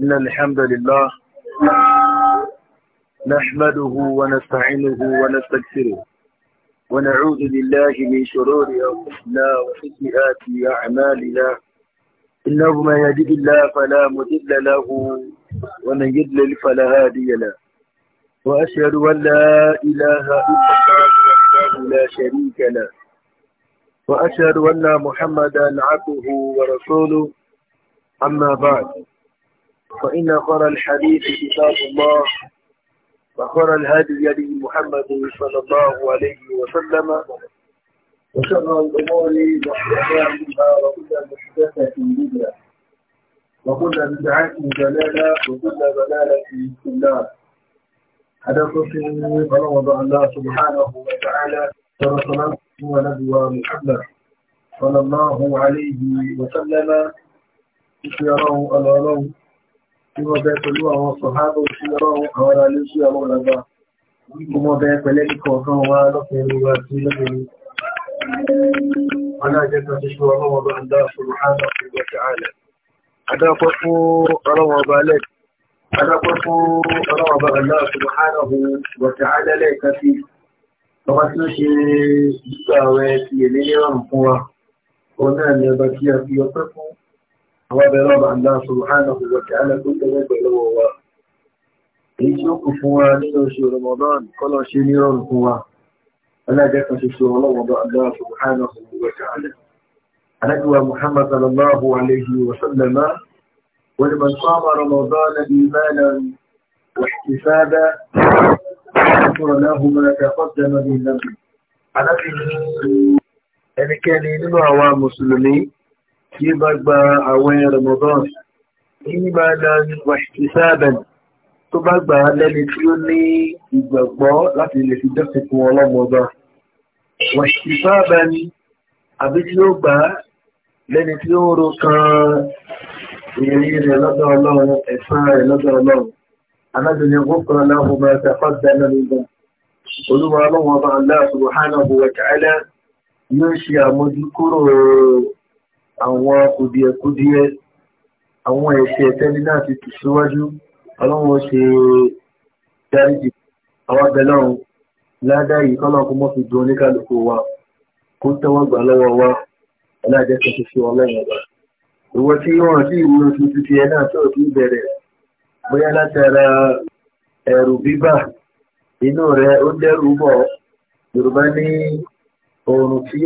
إن الحمد لله نحمده ونستعينه ونستغفره ونعوذ بالله من شرور أنفسنا وسيئات أعمالنا إنه من يهده الله فلا مضل له ومن يضلل فلا هادي له وأشهد أن لا إله إلا الله لا شريك له وأشهد أن محمدا عبده ورسوله أما بعد فإن خر الحديث كتاب الله وخر الهدي يدي محمد صلى الله عليه وسلم وشر الأمور محدثاتها وكل محدثة بدعة وكل بدعة ضلالة وكل ضلالة في النار قال وضع الله سبحانه وتعالى ورسوله ونبوى محمد صلى الله عليه وسلم يروا الغلو mo bẹ pẹ̀lú àwọn sọ̀hábà òsì ọlọ́run àwọn ará lé sí àwọn ọ̀làgbà mo bẹ pẹ̀lẹ́ kíkọ̀ kan wá lọ́pẹ̀lú wa sí lọ́pẹ̀lú alájẹ́ta ti ṣe ọlọ́run ọba ń àwọn abẹ́rẹ́ ọba ńlá subhanahu wa ta'ala tó tẹ́wọ́ pẹ̀lú wa èyí tí ó kù fún wa nínú oṣù Ramadan kọ́lọ̀ ṣe ní rọrùn fún wa alájẹ́kan ṣoṣo ọlọ́wọ́dọ́ ńlá subhanahu wa ta'ala alájúwa Muhammad sallallahu alayhi wa sallam wani man sọ́mà Ramadan imanan واحتسابا غفر له ما تقدم من ذنبه alábìnrin ẹnikẹ́ni nínú àwa mùsùlùmí tí ó bá gba àwẹ̀ Ramadan nígbà láàrin wàṣìṣàbẹ̀n tó bá gbà lẹ́ni tí ó ní ìgbàgbọ́ láti lè fi jọ́sìn fún ọlọ́mọba wàṣìṣàbẹ̀n àbí tí ó gbà lẹ́ni tí ó ń ro kan ìrìn rẹ̀ lọ́dọ̀ ọlọ́run ẹ̀san rẹ̀ lọ́dọ̀ ọlọ́run àwọn kùdìẹ̀kùdìẹ̀ àwọn ẹ̀ṣẹ̀ tẹ́lẹ̀ náà ti tù síwájú ọlọ́run ṣe dáríjì àwọn abẹ́lọ́run ládá yìí kọ́nà kó mọ́ fi dùn oníkàlùkù wa kó tẹ́wọ́ gbà lọ́wọ́ wa aláàjẹ́ kan ṣe ṣe ọlọ́run ọba ìwọ tí wọ́n sí ìwé oṣù títí ẹ náà tó oòrùn tí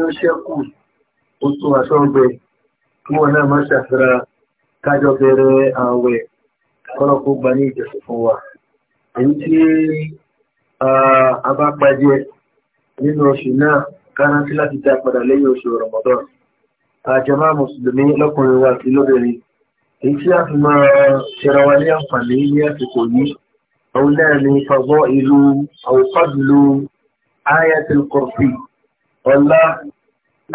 ó ṣẹ́kù ó tún aṣọ kí wọ́n náà má ṣàfihàn kájọ bẹ̀rẹ̀ àwẹ̀ kọ́lọ̀kú gba ní ìjọsìn fún wa èyí tí a bá pàjẹ́ nínú oṣù náà kára sí láti dá padà lẹ́yìn oṣù rọ̀mọ́dọ́n àjọmá mùsùlùmí lọ́kùnrin wa sí lóbìnrin èyí tí a fi máa ṣẹra wa ní àǹfààní ní àsìkò yìí òun náà ni fagbọ́ ìlú àwòkọ́dùlù ayatul kursi ọlá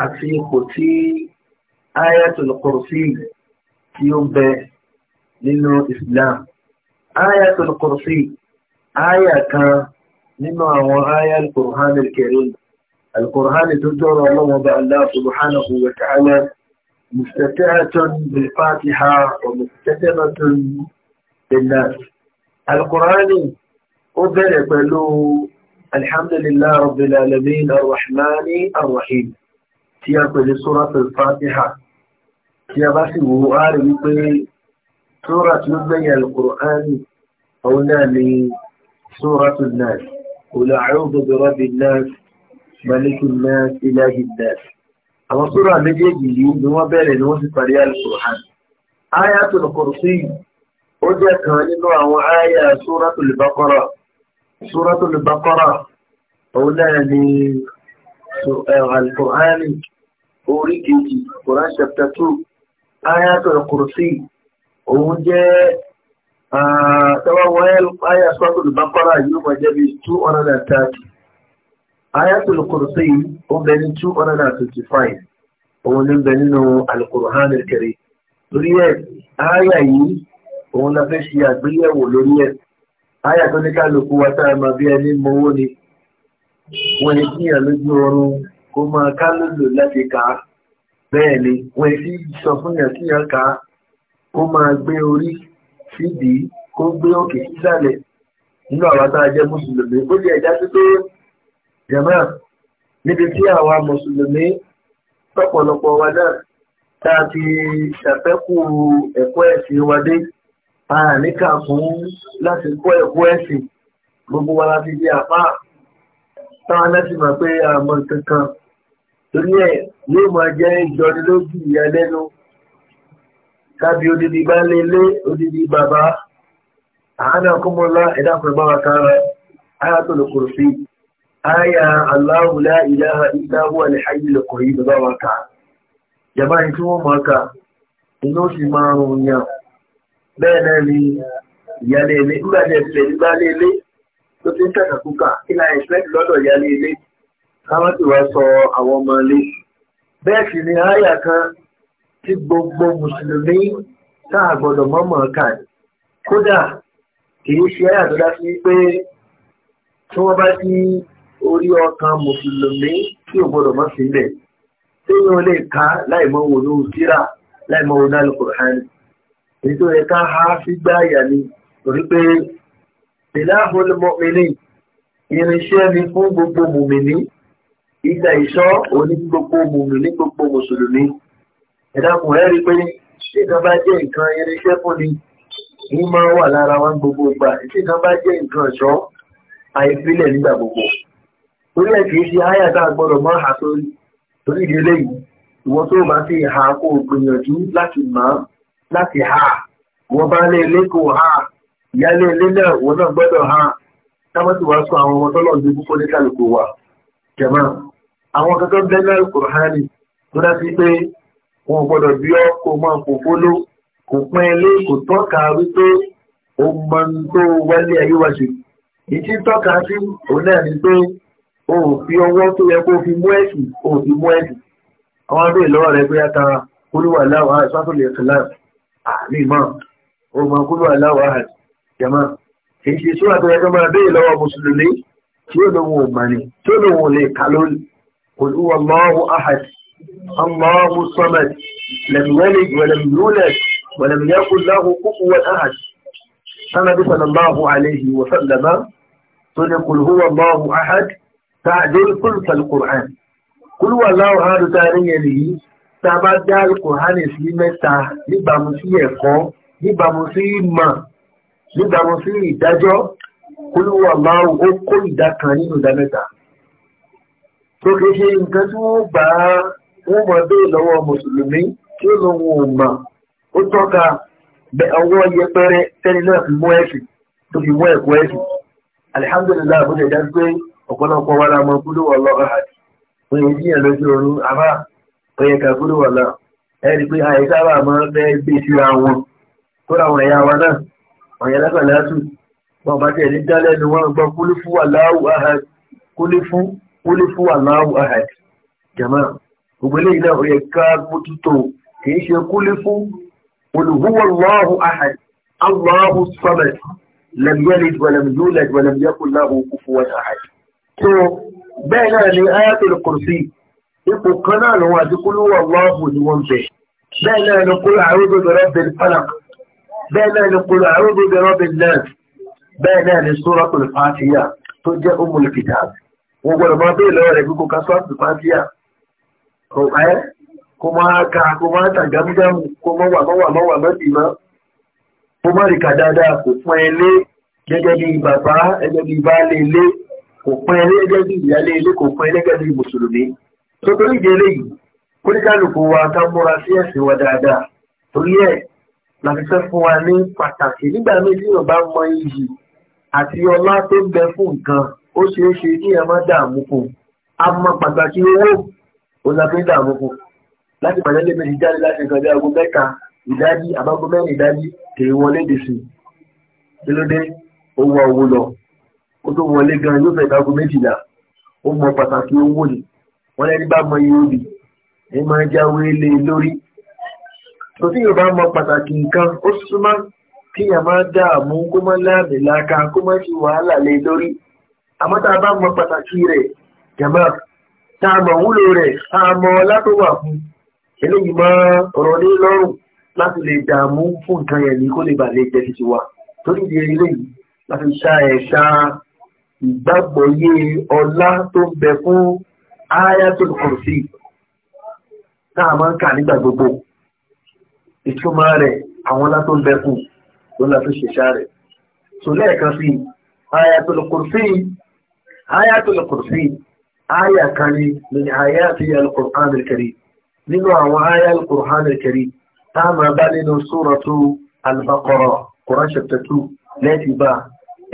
àti ipò tí آية القرصي يوم ب لنو إسلام آية القرصي آية ك لما هو آية القرآن الكريم القرآن تدور الله بالله سبحانه وتعالى مفتتحة بالفاتحة ومفتتحة بالناس القرآن أذر بلو الحمد لله رب العالمين الرحمن الرحيم تيأكل سورة الفاتحة tí a bá sì wò á rí wípé sóra tí ó gbẹ̀yìn alukur'ani òun náà ni sóra tó náà òun àrùn gbogbo rọ́bì náà malikú náà ilahi náà àwọn sóra méjèèjì yìí ni wọ́n bẹ̀rẹ̀ ni wọ́n sì parí alukur'ani aya tó lùkùrù sí ó jẹ́ kan nínú àwọn aya sóra tó lè bákọ́rọ̀ sóra tó lè bákọ́rọ̀ òun náà ni eh, alukur'ani orí kejì quran chapter two ayatul kursi òun jẹ́ tọwọ́wọ́ ayatul bakara yóò máa jẹ́ bí 230 ayatul kursi òun bẹ ní 235 òun ní bẹ nínú alukurhan kẹrì lórí ẹ̀ aya yìí òun la fẹ́ ṣe àgbéyẹ̀wò lórí ẹ̀ aya tó ní kálukú wa tá a máa bí ẹni mọ́wó ni wọ́n ní kíyàn lójú ọrùn kó máa ká lòlò láti kàá bẹ́ẹ̀ ni wọ́n ti sọ fún yàn kí yàn ká ó máa gbé orí sídìí kó gbé òkè sísàlẹ̀ nínú àwọn tá a jẹ́ mùsùlùmí ó lè ẹ̀já sí pé jàmá níbi tí àwa mùsùlùmí tọ̀pọ̀lọpọ̀ wa náà tá a ti ṣàfẹ́kù ẹ̀kọ́ ẹ̀sìn wa dé a níkà fún láti kọ́ ẹ̀kọ́ ẹ̀sìn gbogbo wa láti di àpá táwọn náà sì mọ̀ pé àmọ́ kankan torí ẹ̀ yóò máa jẹ́ ìjọni lójú ìyá lẹ́nu kábí odidi bá lélé odidi bàbá àánà kúmọlá ẹ̀dá pẹ̀lú àwọn kára ayá tó lè kúrò sí ayá aláwùlá ìlàhà ìdáwó àlẹ́hàyí lè kọ̀ yìí bàbá wa ká jàmbá ni tí wọ́n máa ká inú sì máa rùn yàn bẹ́ẹ̀ náà ni ìyá lélé nígbà tí ẹ̀ tẹ̀lé bá tó ti ń tẹ̀kàkúkà kí ni àìsàn lọ́dọ̀ ìyá lélé kámátì wá sọ àwọn ọmọ ilé bẹ́ẹ̀ sì ni àyà kan tí gbogbo mùsùlùmí táà gbọ́dọ̀ mọ́mọ́ kà ní kódà kìí ṣe àyà tó dá sí pé tí wọ́n bá sí orí ọkàn mùsùlùmí tí ò gbọ́dọ̀ mọ́ sílẹ̀ tí wọ́n lè ká láìmọ́ wò ní òsíra láìmọ́ wò náà lùkùrán èyí tó yẹ ká há sígbà àyà ni torí pé ìlà àbọ̀lùmọ́mìnì irinṣẹ́ ni fún gbogbo mùmìnì ìgbà ìṣọ́ òní gbogbo mùmí ní gbogbo mùsùlùmí ẹ̀dàkùn rẹ̀ rí pé ṣíkan bá jẹ́ nǹkan irinṣẹ́ fún ni ní máa wà lára wọn gbogbo ìgbà ṣíkan bá jẹ́ nǹkan ọ̀ṣọ́ àìfilẹ̀ nígbà gbogbo torí ẹ̀ kìí ṣe áyà tá a gbọ́dọ̀ mọ́ àṣọ torí ìdílé yìí ìwọ́n tó bá ti ha kó gbìyànjú láti mọ̀ láti ha wọ́n bá lé ilé kò ha ìyálé ilé náà wọ́n náà gbọ́dọ̀ ha táwọn ti wá sọ àwọn ọmọ tọ́lọ́ ń dojú wa jẹ̀máà àwọn kankan bẹ́lẹ̀ kùránì tó dá sí pé wọn gbọ́dọ̀ bí ọ kó máa kò fóló kò pín ilé kò tọ́ka wípé ó mọ tó wálé ayé wa ṣe ìtí tọ́ka sí òun náà ni pé o ò fi ọwọ́ tó yẹ kó fi mú ẹ̀sìn o ò fi mú ẹ̀sìn àwọn abẹ́ ìlọ́wọ́ rẹ pé atara kúlúwà láwọ̀ àti sátòlì ẹ̀kẹ́lá àmì mọ́ o mọ kúlúwà láwọ̀ àti jẹ̀mọ́ kì í ṣe sóra tó yẹ kó máa bẹ́ẹ̀ lọ́wọ́ mùsùlùmí tí ó lóun ò mọ̀ ni tí ó lóun ò lè kà lónìí قل هو الله أحد الله الصمد لم يلد ولم يولد ولم يكن له كفوا أحد النبي صلى الله عليه وسلم قل هو الله أحد تعدل كل القرآن قل هو الله أحد تاريخه tàbádá alukùránì القران mẹ́ta níbàmú sí ẹ̀kọ́ níbàmú sí ìmọ̀ níbàmú sí ìdájọ́ olúwa máa ó kó ìdá kan nínú ìdá tó kìí ṣe nǹkan tí wọ́n gbà á wọ́n mọ̀ bí ìlọ́wọ́ mùsùlùmí tí ó lọ wọn ò mọ̀ ó tọ́ka ọwọ́ yẹpẹrẹ tẹ́ni náà fi mú ẹ̀sìn tó fi mú ẹ̀kọ́ ẹ̀sìn alihamdulilayi bó ṣe dá ọ̀pọ̀lọpọ̀ wa la mọ kúlúwọ̀ lọ́wọ́ àti wọ́n yẹ jíyàn lójú oorun àbá ọ̀yẹ ká kúlúwọ̀ lọ ẹ̀rí pé àyíká wà láwù ó lè fún aláwọ̀ ahad jama gbogbo eléyìí náà ó yẹ ká mójútó kì í ṣe kó lè fún olùhùwàláhù ahad aláhù samad lẹ́mìyẹ́lì wẹ̀lẹ́mìyúlẹ̀ wẹ̀lẹ́mìyẹ́kùnláhù kúfúwọ́n ahad. tó bẹ́ẹ̀ náà ni ayatul kursi ipò kan náà lọ́wọ́ àti kúlúwàláhù ni wọ́n bẹ̀ bẹ́ẹ̀ náà ni kúlù àwọn obìnrin ọ̀bẹ̀ falak bẹ́ẹ̀ náà ni kúlù àwọn obìnrin ọ̀bẹ̀ náà bẹ́ẹ̀ náà ni sóràtò fàtíyà tó jẹ́ umul kitab. wọ́n gbọ́dọ̀ máa bẹ́ẹ̀ lọ́wọ́ rẹ̀ kíkó kásọ́ àpìpáfíà ọ̀pẹ́ kó máa ka kó máa tà gámúgámù kó máa wà mọ́wà mọ́wà mọ́bì mọ́ kó má rí ka dáadáa kò pọ́n ẹ lé gẹ́gẹ́ bí bàbá gẹ́gẹ́ bí baálé ilé kò pọ́n ẹ lé gẹ́gẹ́ bí ìyálé ilé kò pọ́n ẹ lé gẹ́gẹ́ bí mùsùlùmí tó torí ìdí eléyìí kó ní kálukú wa ká múra sí ẹ̀sìn wa dáadáa torí ẹ̀ láti fẹ́ fún wa ní pàtàkì nígbà míì tí Yorùbá mọ iyì àti ọlá tó ń bẹ fún nǹkan ó ṣe é ṣe kí ẹ má dààmú kù a mọ pàtàkì owó òun la fi ń dààmú kù láti pàdé lè méjì jáde láti nǹkan bí aago mẹ́ta ìdájí àbágo mẹ́rin ìdájí kèé wọlé dèsì kí ló dé owó owó lọ ó tó wọlé gan yóò fẹ́ aago méjìlá ó mọ pàtàkì owó ni wọ́n lẹ́ni bá mọ iye olè ẹ máa jáwé lé e lórí kò sí yorùbá mọ pàtàkì nǹkan ó súnmọ́ kíyàn máa dààmú kó má láàmì láka kó má ṣe wàhálà lé e lórí àmọ́ tá a bá mọ pàtàkì rẹ̀ jẹ̀mọ́ tá a mọ̀ wúlò rẹ̀ tá a mọ látọ̀wà fún eléyìí mọ́ ọ̀rọ̀ lé lọ́rùn láti lè dààmú fún nǹkan yẹn ní kó lè bà lè jẹ́ títí wa torí ìdí eléyìí láti ṣá ẹ̀ṣá ìgbàgbọ́yé ọlá tó ń bẹ fún ayatul kursi tá a máa ń kà nígbà gbogbo ìtumọ̀ rẹ̀ àwọn ọlá tó ń bẹ fún ló la fi rẹ̀ sọ lẹ́ẹ̀kan sí ayatul kursi ayatul kursi aya kan ni min ayati al-qur'an al-karim nínú àwọn aya al-qur'an al-karim tá a máa bá nínú suratu al-baqara quran chapter two lẹ́tì bá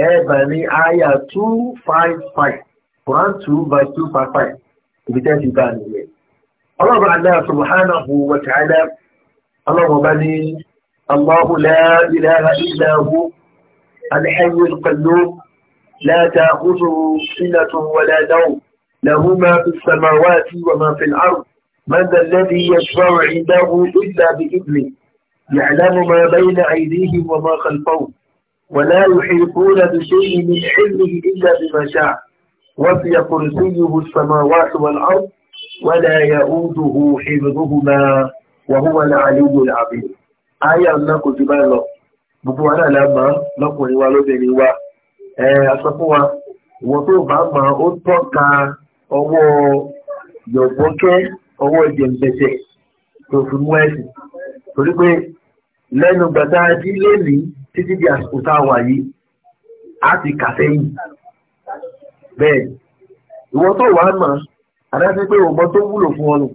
ẹ bá ní aya two five five quran two by two five five ibi tẹ́tì bá nìyẹn. ọlọ́run Allah subhanahu wa ta'ala ọlọ́run bá ní Allahu la ilaha illa hu al-hayy لا تأخذه سنة ولا نوم له ما في السماوات وما في الأرض من ذا الذي يشفع عنده إلا بإذنه يعلم ما بين أيديهم وما خلفهم ولا يحيطون بشيء من علمه إلا بما شاء وفي كرسيه السماوات والأرض ولا يؤوده حفظهما وهو العلي العظيم آية أنك تبالغ بقوانا لما نقول بني واحد ẹ aṣọ wa ìwọ tó bá mọ ó tọ́ka ọwọ́ yọ̀bọ́kẹ́ ọwọ́ ìjẹ̀mbẹ̀sẹ̀ tó fi mú ẹ̀sìn torí pé lẹ́nu gbàtà jí lónìí títí di àsìkò tá a wà yìí á ti kà sẹ́yìn bẹ́ẹ̀ ìwọ tó wà mọ̀ àdáṣe pé òmọ tó wúlò fún ọ nù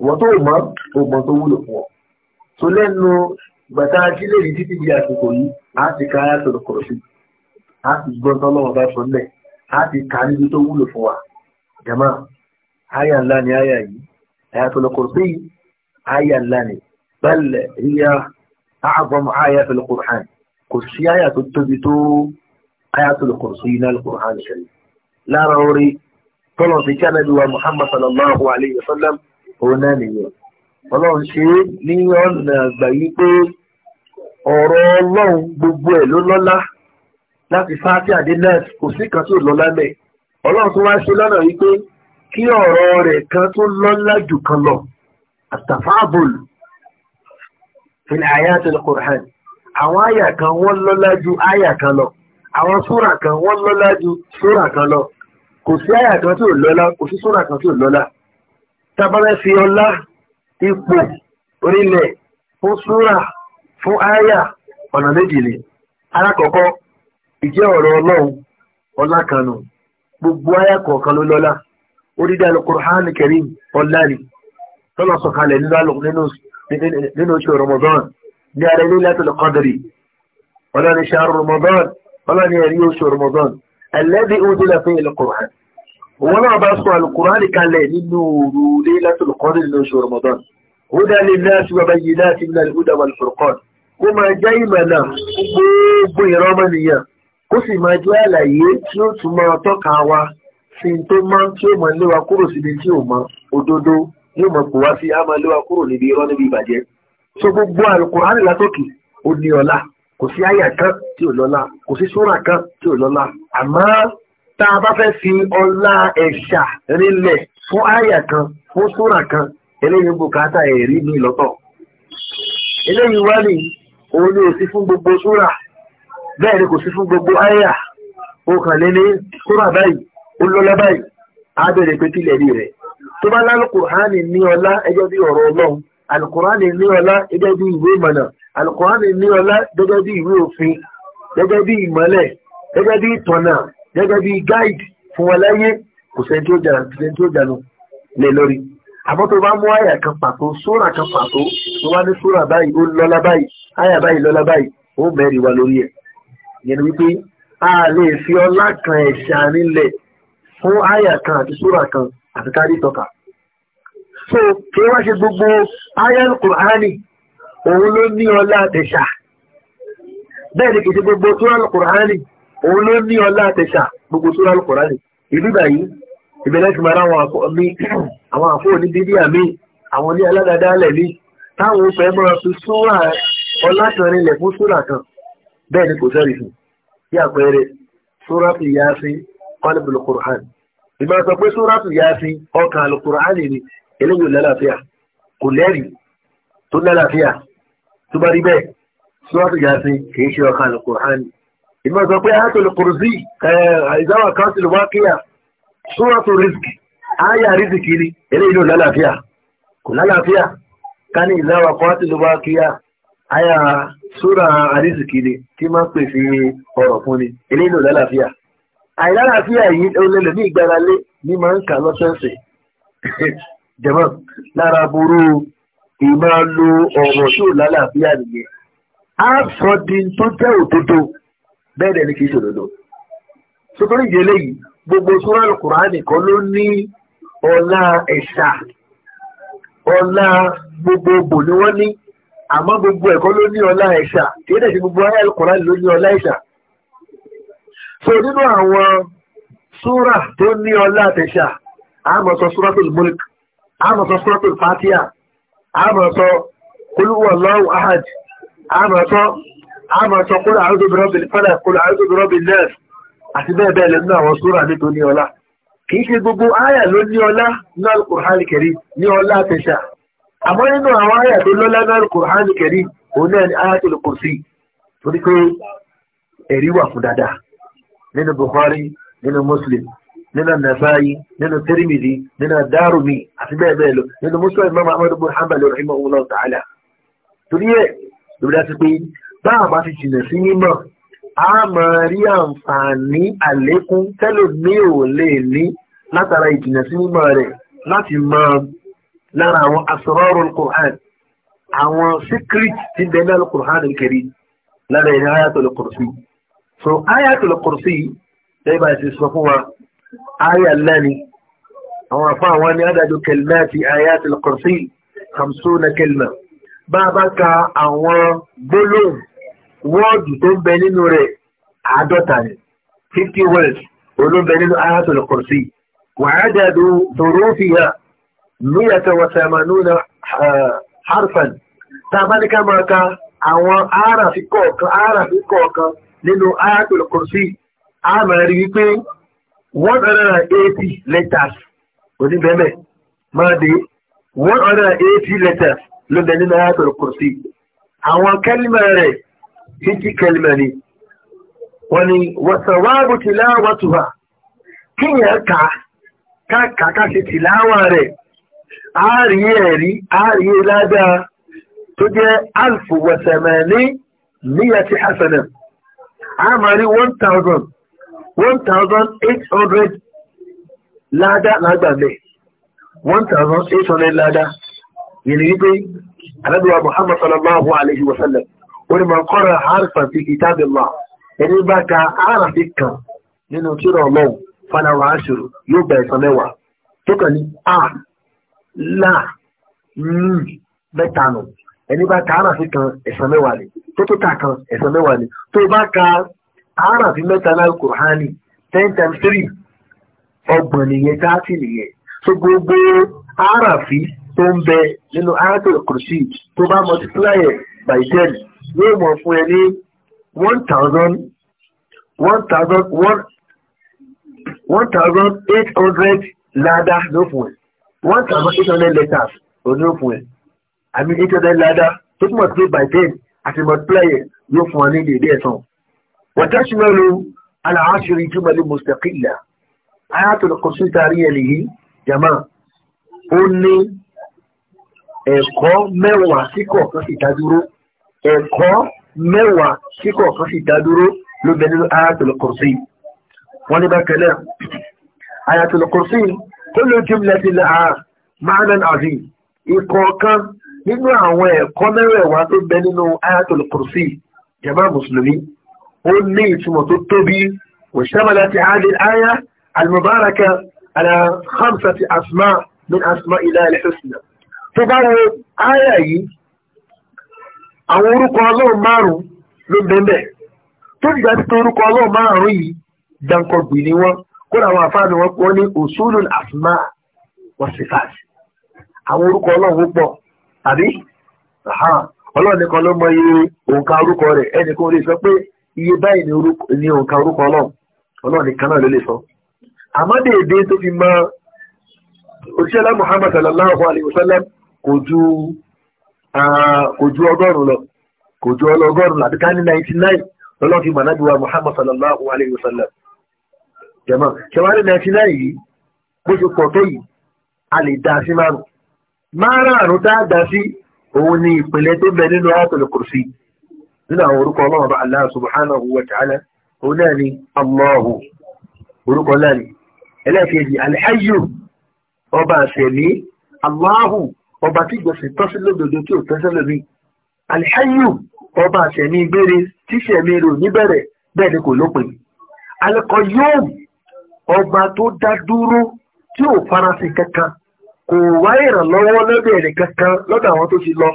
ìwọ tó mọ òmọ tó wúlò fún ọ tó lẹ́nu gbàtà jí lónìí títí di àsìkò yìí á ti ká yàtọ̀ lọ́kọ̀ọ́ a ti gbọ́ tọ́lọ́wọ́ bá sọ nílẹ̀ a ti kà níbi tó wúlò fún wa jama aya ńlá ni aya yìí ayatul kursi aya ńlá ni bal hiya a'zam ayatul Qur'an kò sí aya tó tóbi tó ayatul kursi ní al-Qur'an al-Karim lára orí tọ́lọ̀ fi kí anábíwa Muhammad sallallahu alayhi wa sallam òun náà nìyẹn ọlọ́run ṣe ní ọ̀nà àgbà yìí pé ọ̀rọ̀ ọlọ́run gbogbo ẹ̀ ló lọ́lá láti fáti àdé nẹ́ẹ̀sì kò sí kan tó lọ lálẹ́ ọlọ́run tó wáá ṣe lọ́nà wípé kí ọ̀rọ̀ rẹ̀ kan tó lọ́lá jù kan lọ àtàfáàbòl fil ayatil Qur'an àwọn àyà kan wọ́n lọ́lá ju àyà kan lọ àwọn súrà kan wọ́n lọ́lá ju súrà kan lọ kò sí àyà kan tó lọ́lá kò sí súrà kan tó lọ́lá tábàlẹ́ fi ọlá ipò orílẹ̀ fún súrà fún àyà ọ̀nà méjì alákọ̀ọ́kọ́ ìjẹ́ ọ̀rọ̀ ọlọ́run ọlá kan nù gbogbo àyà kọ̀ọ̀kan ló lọ́lá orídé alukur'an kẹrin ọlá ni tọ́lá sọ̀kalẹ̀ nínú oṣù ramadan ní ara ilé láti lọ kọ́dìrì ọlá ni ṣàrù ramadan ọlá ni ẹ̀rí oṣù ramadan ẹlẹ́bí ó délà fún alukur'an wọn náà bá sọ alukur'an kalẹ̀ nínú òru ilé láti lọ kọ́dìrì ní oṣù ramadan ó dá lè ní aṣọ bàbá yìí láti ní alùpùdà wà lùfùrùkọ́n ó máa jẹ́ ìmọ̀ náà gbogbo ìran nìyẹn kó sì máa jẹ́ àlàyé tí ó tún máa tọ́ka wa sí n tó mọ́ tí ó mọ̀ lé wa kúrò síbi tí ò mọ́ òdodo yóò mọ̀ pò wá sí á máa lé wa kúrò níbi irọ́ níbi ìbàjẹ́ so gbogbo àlùkùránì látòkè ó ní ọlá kò sí àyà kan tí ò lọ́lá kò sí súrà kan tí ò lọ́lá àmọ́ tá a bá fẹ́ fi ọlá ẹ̀ṣà rinlẹ̀ fún àyà kan fún súrà kan eléyìí ń bùkátà ẹ̀rí mi lọ́tọ̀ eléyìí wá ní òun ni òsì fún gbogbo súrà bẹ́ẹ̀ ni kò sí fún gbogbo àyà okànléní kúrà báyìí olólá báyìí ábẹ̀rẹ̀ pé kílẹ̀ rí rẹ̀ tó bá lálùkùránì ní ọlá ẹjọ́ bí ọ̀rọ̀ ọlọ́run alùkùránì ní ọlá ẹjọ́ bí ìwé ìmọ̀nà alùkùránì ní ọlá gẹ́gẹ́ bí ìwé òfin gẹ́gẹ́ bí ìmọ̀lẹ̀ gẹ́gẹ́ bí ìtọ̀nà gẹ́gẹ́ bí guide fún wọn láyé kò sẹ́ni tí ó jànú lé lórí àmọ́ bá mú àyà kan pàtó sóra kan pàtó tó wá ní sóra báyìí ó lọ́lá báyìí àyà báyìí lọ́lá báyìí ó mẹ́rin wa lórí ẹ̀ yẹn wípé a lè fi ọlá kan ẹ̀ṣà nílẹ̀ fún àyà kan àti súrà kan àti kárí tọ́ka so kí wá ṣe gbogbo àyà kùránì òun ló ní ọlá àtẹ̀ṣà bẹ́ẹ̀ ni kì í ṣe gbogbo súrà kùránì òun ló ní ọlá àtẹ̀ṣà gbogbo súrà kùránì ìlú báyìí ìbẹ̀rẹ̀ ti mara àwọn àfọ́ ní dídí àmì àwọn ní aládàádálẹ̀ ní táwọn fẹ́ mọ́ra fi súrà ọlá kan nílẹ̀ fún súrà kan bẹ́ẹ̀ ni kò sẹ́rì fún bí àpẹẹrẹ sóràtù yásin kọ́lẹ̀bùlù kùrán ìgbà sọ pé sóràtù yásin ọkàn alùkùrán ni eléyìí lálàáfíà kò lẹ́rì tó lálàáfíà tó bá rí bẹ́ẹ̀ sóràtù yásin kìí ṣe ọkàn alùkùrán ìgbà sọ pé àtòlù kùrùsí ìdáwà káńsìlì wákìyà sóràtù rìsìkì àyà rìsìkì ni eléyìí lálàáfíà kò lálàáfíà ká súra àrísìkì ni tí máa ń pè sí ọ̀rọ̀ fún ni eléyìí ló lálàáfíà àìlálàáfíà yìí olóòlù ní ìgbáralé ní máa ń kà lọ́sẹ̀ọ̀sẹ̀ jẹ̀mọ́ lára burú ìmọ̀ lo ọ̀rọ̀ tó lálàáfíà nìyẹn á sọ di tó jẹ́ òdodo bẹ́ẹ̀ dẹ̀ ni kì í ṣòdodo sotori ìdílé yìí gbogbo súra al nìkan ló ní ọ̀la ẹ̀ṣà ọ̀la gbogbogbò ni wọ́n ní. àmọ́ gbogbo ẹ̀kọ́ ló ní ọlá ẹ̀ṣà kìí dẹ̀ gbogbo ayélu Kùránì ló ní ọlá ẹ̀ṣà so nínú àwọn súrà tó ní ọlá àtẹ̀ṣà àmọ́ sọ Suratul Mulk àmọ́ sọ Suratul Fatiha àmọ́ sọ ahad àti bẹ́ẹ̀ bẹ́ẹ̀ lẹ́nu àwọn àmọ́ nínú àwọn àyà tó lọ́lá náà kùránì kẹrí òun náà ni ayatul kursi torí pé ẹ̀rí wà fún dáadáa nínú buhari nínú muslim nínú nasayi nínú tirimidi nínú darumi àti bẹ́ẹ̀ bẹ́ẹ̀ lọ nínú muslim mama amadu bin hanbal rahimahullah ta'ala torí ẹ̀ lórí dájú pé bá a bá ti jìnà sí mímọ́ a máa rí àǹfààní àlékún tẹ́lẹ̀ mi ò lè ní látara ìjìnà sí mímọ́ rẹ̀ láti máa lára àwọn asrarul Qur'an àwọn secret ti bẹ náà Qur'an al-Karim lára ẹni ayatul kursi so ayatul kursi lẹ́yìn bá ti sọ fún wa aya lẹ́ni àwọn afọ àwọn ni adájọ́ kalimati ayatul kursi hamsuna kalima bá bá ka àwọn gbólóhùn wọ́ọ̀dù tó ń bẹ nínú rẹ̀ àádọ́ta ni fifty words olóńbẹ nínú ayatul kursi wàhádàdù dhurufiha. مئة وثمانون حرفا تابعك معك àwọn ara fi kọ̀ọ̀kan ara fi kọ̀ọ̀kan nínú ayatul kursi a máa rí wípé 180 letters oníbẹ̀mẹ̀ máa dé 180 letters ló bẹ nínú ayatul kursi àwọn kẹlìmẹ̀ rẹ̀ títí kẹlìmẹ̀ ni wọ́n ni wàsàwábù tìláwàtùwà kíyàn ká ká ká ká sí tìláwà rẹ̀ àárí ẹ̀rí àárí ládàá tó jẹ́ alfu wẹ̀sẹ̀mẹ̀ ní níyàtí hasanà àmàrí 1000 1800 ládá lágbàgbẹ̀ 1800 ládá yìí wípé alábíwá muhammad sallallahu alaihi wasallam wani makọ́ra harfan fi kitabillah ẹni bá ka harafi kan nínú tíra ọlọ́run fanawa aṣírò yóò gbà ẹ̀sán mẹ́wàá tó kàn ní ààrùn là ní hmm, mẹ́ta nù ẹni bá ka ara fi kan ẹ̀sán mẹ́wàá ni tó tó ta kan ẹ̀sán mẹ́wàá ni tó bá ka ara fi mẹ́ta náà kùránì ten times three ọgbọ̀n nìyẹn táàtì nìyẹn tó gbogbo ara fi tó ń bẹ nínú ayatul kursi tó bá multiply by ten yóò mọ̀ fún ẹ ní one thousand one thousand one one thousand eight hundred ládàá ló fún ẹ one thousand eight hundred letters òní òfin ẹ̀ àmì eight hundred ladder tó túmọ̀ sí by ten àti multiply ẹ̀ yóò fún wa ní dèdè ẹ̀sán. wọ́tá ṣùgbọ́n lo aláàṣírí túmọ̀ ní mustaqilla ayatul kursi taari ẹ̀ nìyí jama ó ní ẹ̀kọ́ mẹ́wàá sí kọ̀ọ̀kan sì dádúró ẹ̀kọ́ mẹ́wàá sí kọ̀ọ̀kan sì dádúró ló bẹ nínú ayatul kursi wọ́n ní bákan náà ayatul kursi yìí kullu jumlatin laha ma'nan azim ìkọ̀ọ̀kan nínú àwọn ẹ̀kọ́ mẹ́rẹ̀ẹ̀wá tó bẹ nínú ayatul kursi jama mùsùlùmí ó ní ìtumọ̀ tó tóbi واشتملت هذه الآية المباركة على خمسة أسماء من أسماء الله الحسنى تبارك آية yìí àwọn orúkọ ọlọ́run márùn-ún ló ń bẹ̀mẹ̀ tó dìgbà tí orúkọ ọlọ́run márùn-ún yìí dankọ̀gbìn ni wọ́n kódà àwọn àfáàmì wọn pọ̀ ní usulul asma wa sifat àwọn orúkọ ọlọ́run pọ̀ tàbí ọlọ́run nìkan ló mọ iye òǹkà orúkọ rẹ̀ ẹnìkan lè sọ pé iye báyìí ni òǹkà orúkọ ọlọ́run ọlọ́run nìkan náà ló lè sọ àmọ́ dèédé tó fi mọ òṣìṣẹ́lá Muhammad sallallahu alayhi wa sallam kò ju ọgọ́rùn-ún lọ kò ju ọlọ́gọ́rùn-ún àbíká ní 99 lọ́lọ́ fi mọ̀ náà bí wa Muhammad sallallahu alayhi wa sallam jẹ̀mọ́ ṣẹ̀wárí ninety nine yìí bó ṣe pọ̀ tó yìí a lè dá sí márùn márùn tá a dá sí òun ni ìpìlẹ̀ tó bẹ nínú Ayatul Kursi nínú àwọn orúkọ ọlọ́run bá Allah subhanahu wa ta'ala òun náà ni Allahu orúkọ náà ni ẹlẹ́ẹ̀kejì alhayyu ọba àṣẹ̀mí Allahu ọba tí gbèsè tọ́sí lódodo tí ò tẹ́sẹ̀ lómi alhayyu ọba àṣẹ̀mí gbére tíṣẹ̀mí rò níbẹ̀rẹ̀ bẹ́ẹ̀ ni kò lópin alqayyum ọba tó dá dúró tí ò farasin kankan kò wá ìrànlọ́wọ́ lọ́dọ̀ ẹ̀rẹ̀ kankan lọ́dọ̀ àwọn tó ti lọ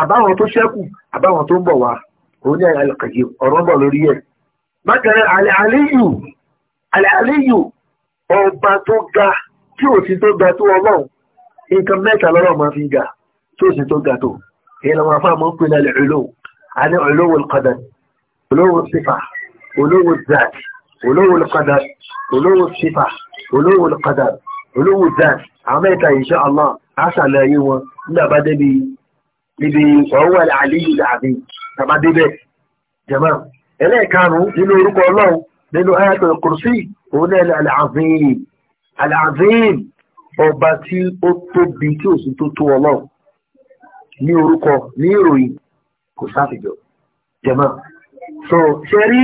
àbáwọn tó ṣẹ́kù àbáwọn tó ń bọ̀ wá òun ní àlùkàyè ọ̀rọ̀ ń bọ̀ lórí ẹ̀. bákan náà àlẹ́ àlẹ́yù àlẹ́ àlẹ́yù ọba tó ga tí ò sí tó ga tó ọlọ́run nǹkan mẹ́ta lọ́rọ̀ máa fi ga tí ò sí tó ga tó èyí làwọn afá máa ń pè ní olówó olùkọ́dà olówó sífà olówó olùkọ́dà olówó zan àwọn mẹ́ta insha Allah aṣàlàyé wọn nígbà bá débi níbi ọ̀wọ́ àlíyù làbí tàbá débẹ̀ jẹ̀mọ́ ẹlẹ́ẹ̀karùn-ún nínú orúkọ ọlọ́run nínú ayatul kursi òun náà al-azim al-azim ọba tí ó tóbi tí ò sí tó tó ọlọ́run ní orúkọ ní ìròyìn kò sáfìjọ jẹ̀mọ́ so ṣe rí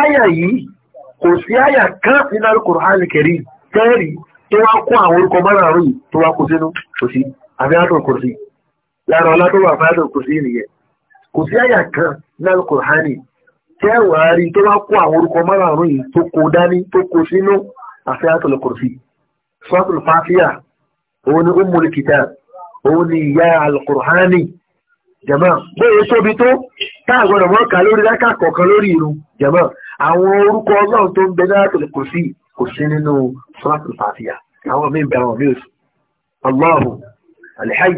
áyà yìí kò sí àyà kan nínú Al-Qur'an Al-Karim tẹ́rì tó wá kún àwọn orúkọ márààrún yìí tó wá kó sínú kò sí àfihàn kò sí lára ọlá tó wà fáyàtọ̀ kò sí nìyẹn kò sí àyà kan nínú Al-Qur'an tẹ́wàá rí tó wá kún àwọn orúkọ márààrún yìí tó kó dání tó kó sínú àfihàn kò sí suratul Fatiha òun ni Ummul Kitab òun ni ìyá Al-Qur'an jama bóyá tóbi tó táàgbọ́dọ̀ àwọn orúkọ ọlọ́run tó ń bẹ náà tó lè kò sí kò sí nínú sọ́ọ̀tù fàtíà àwọn míì bẹ àwọn míì sùn Allahu alhayi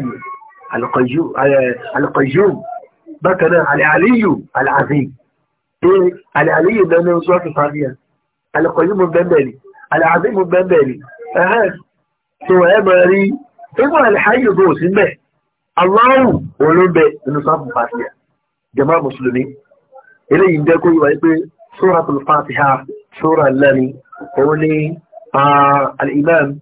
alqayyum bákan náà alaliyu alazim pé alaliyu bẹ nínú sọ́ọ̀tù fàtíà alqayyum bẹ́ẹ̀ ni alazim bẹ́ẹ̀ ni ẹ̀hẹ́n tí wọ́n ẹ̀ máa rí ẹgbẹ́ alhayi bó sí mẹ́ Allahu olóńbẹ nínú sọ́ọ̀tù fàtíà jàmá mùsùlùmí eléyìí ń dẹ́kun yìí wáyé pé سورة الفاتحة سورة اللامي قولي آه الإمام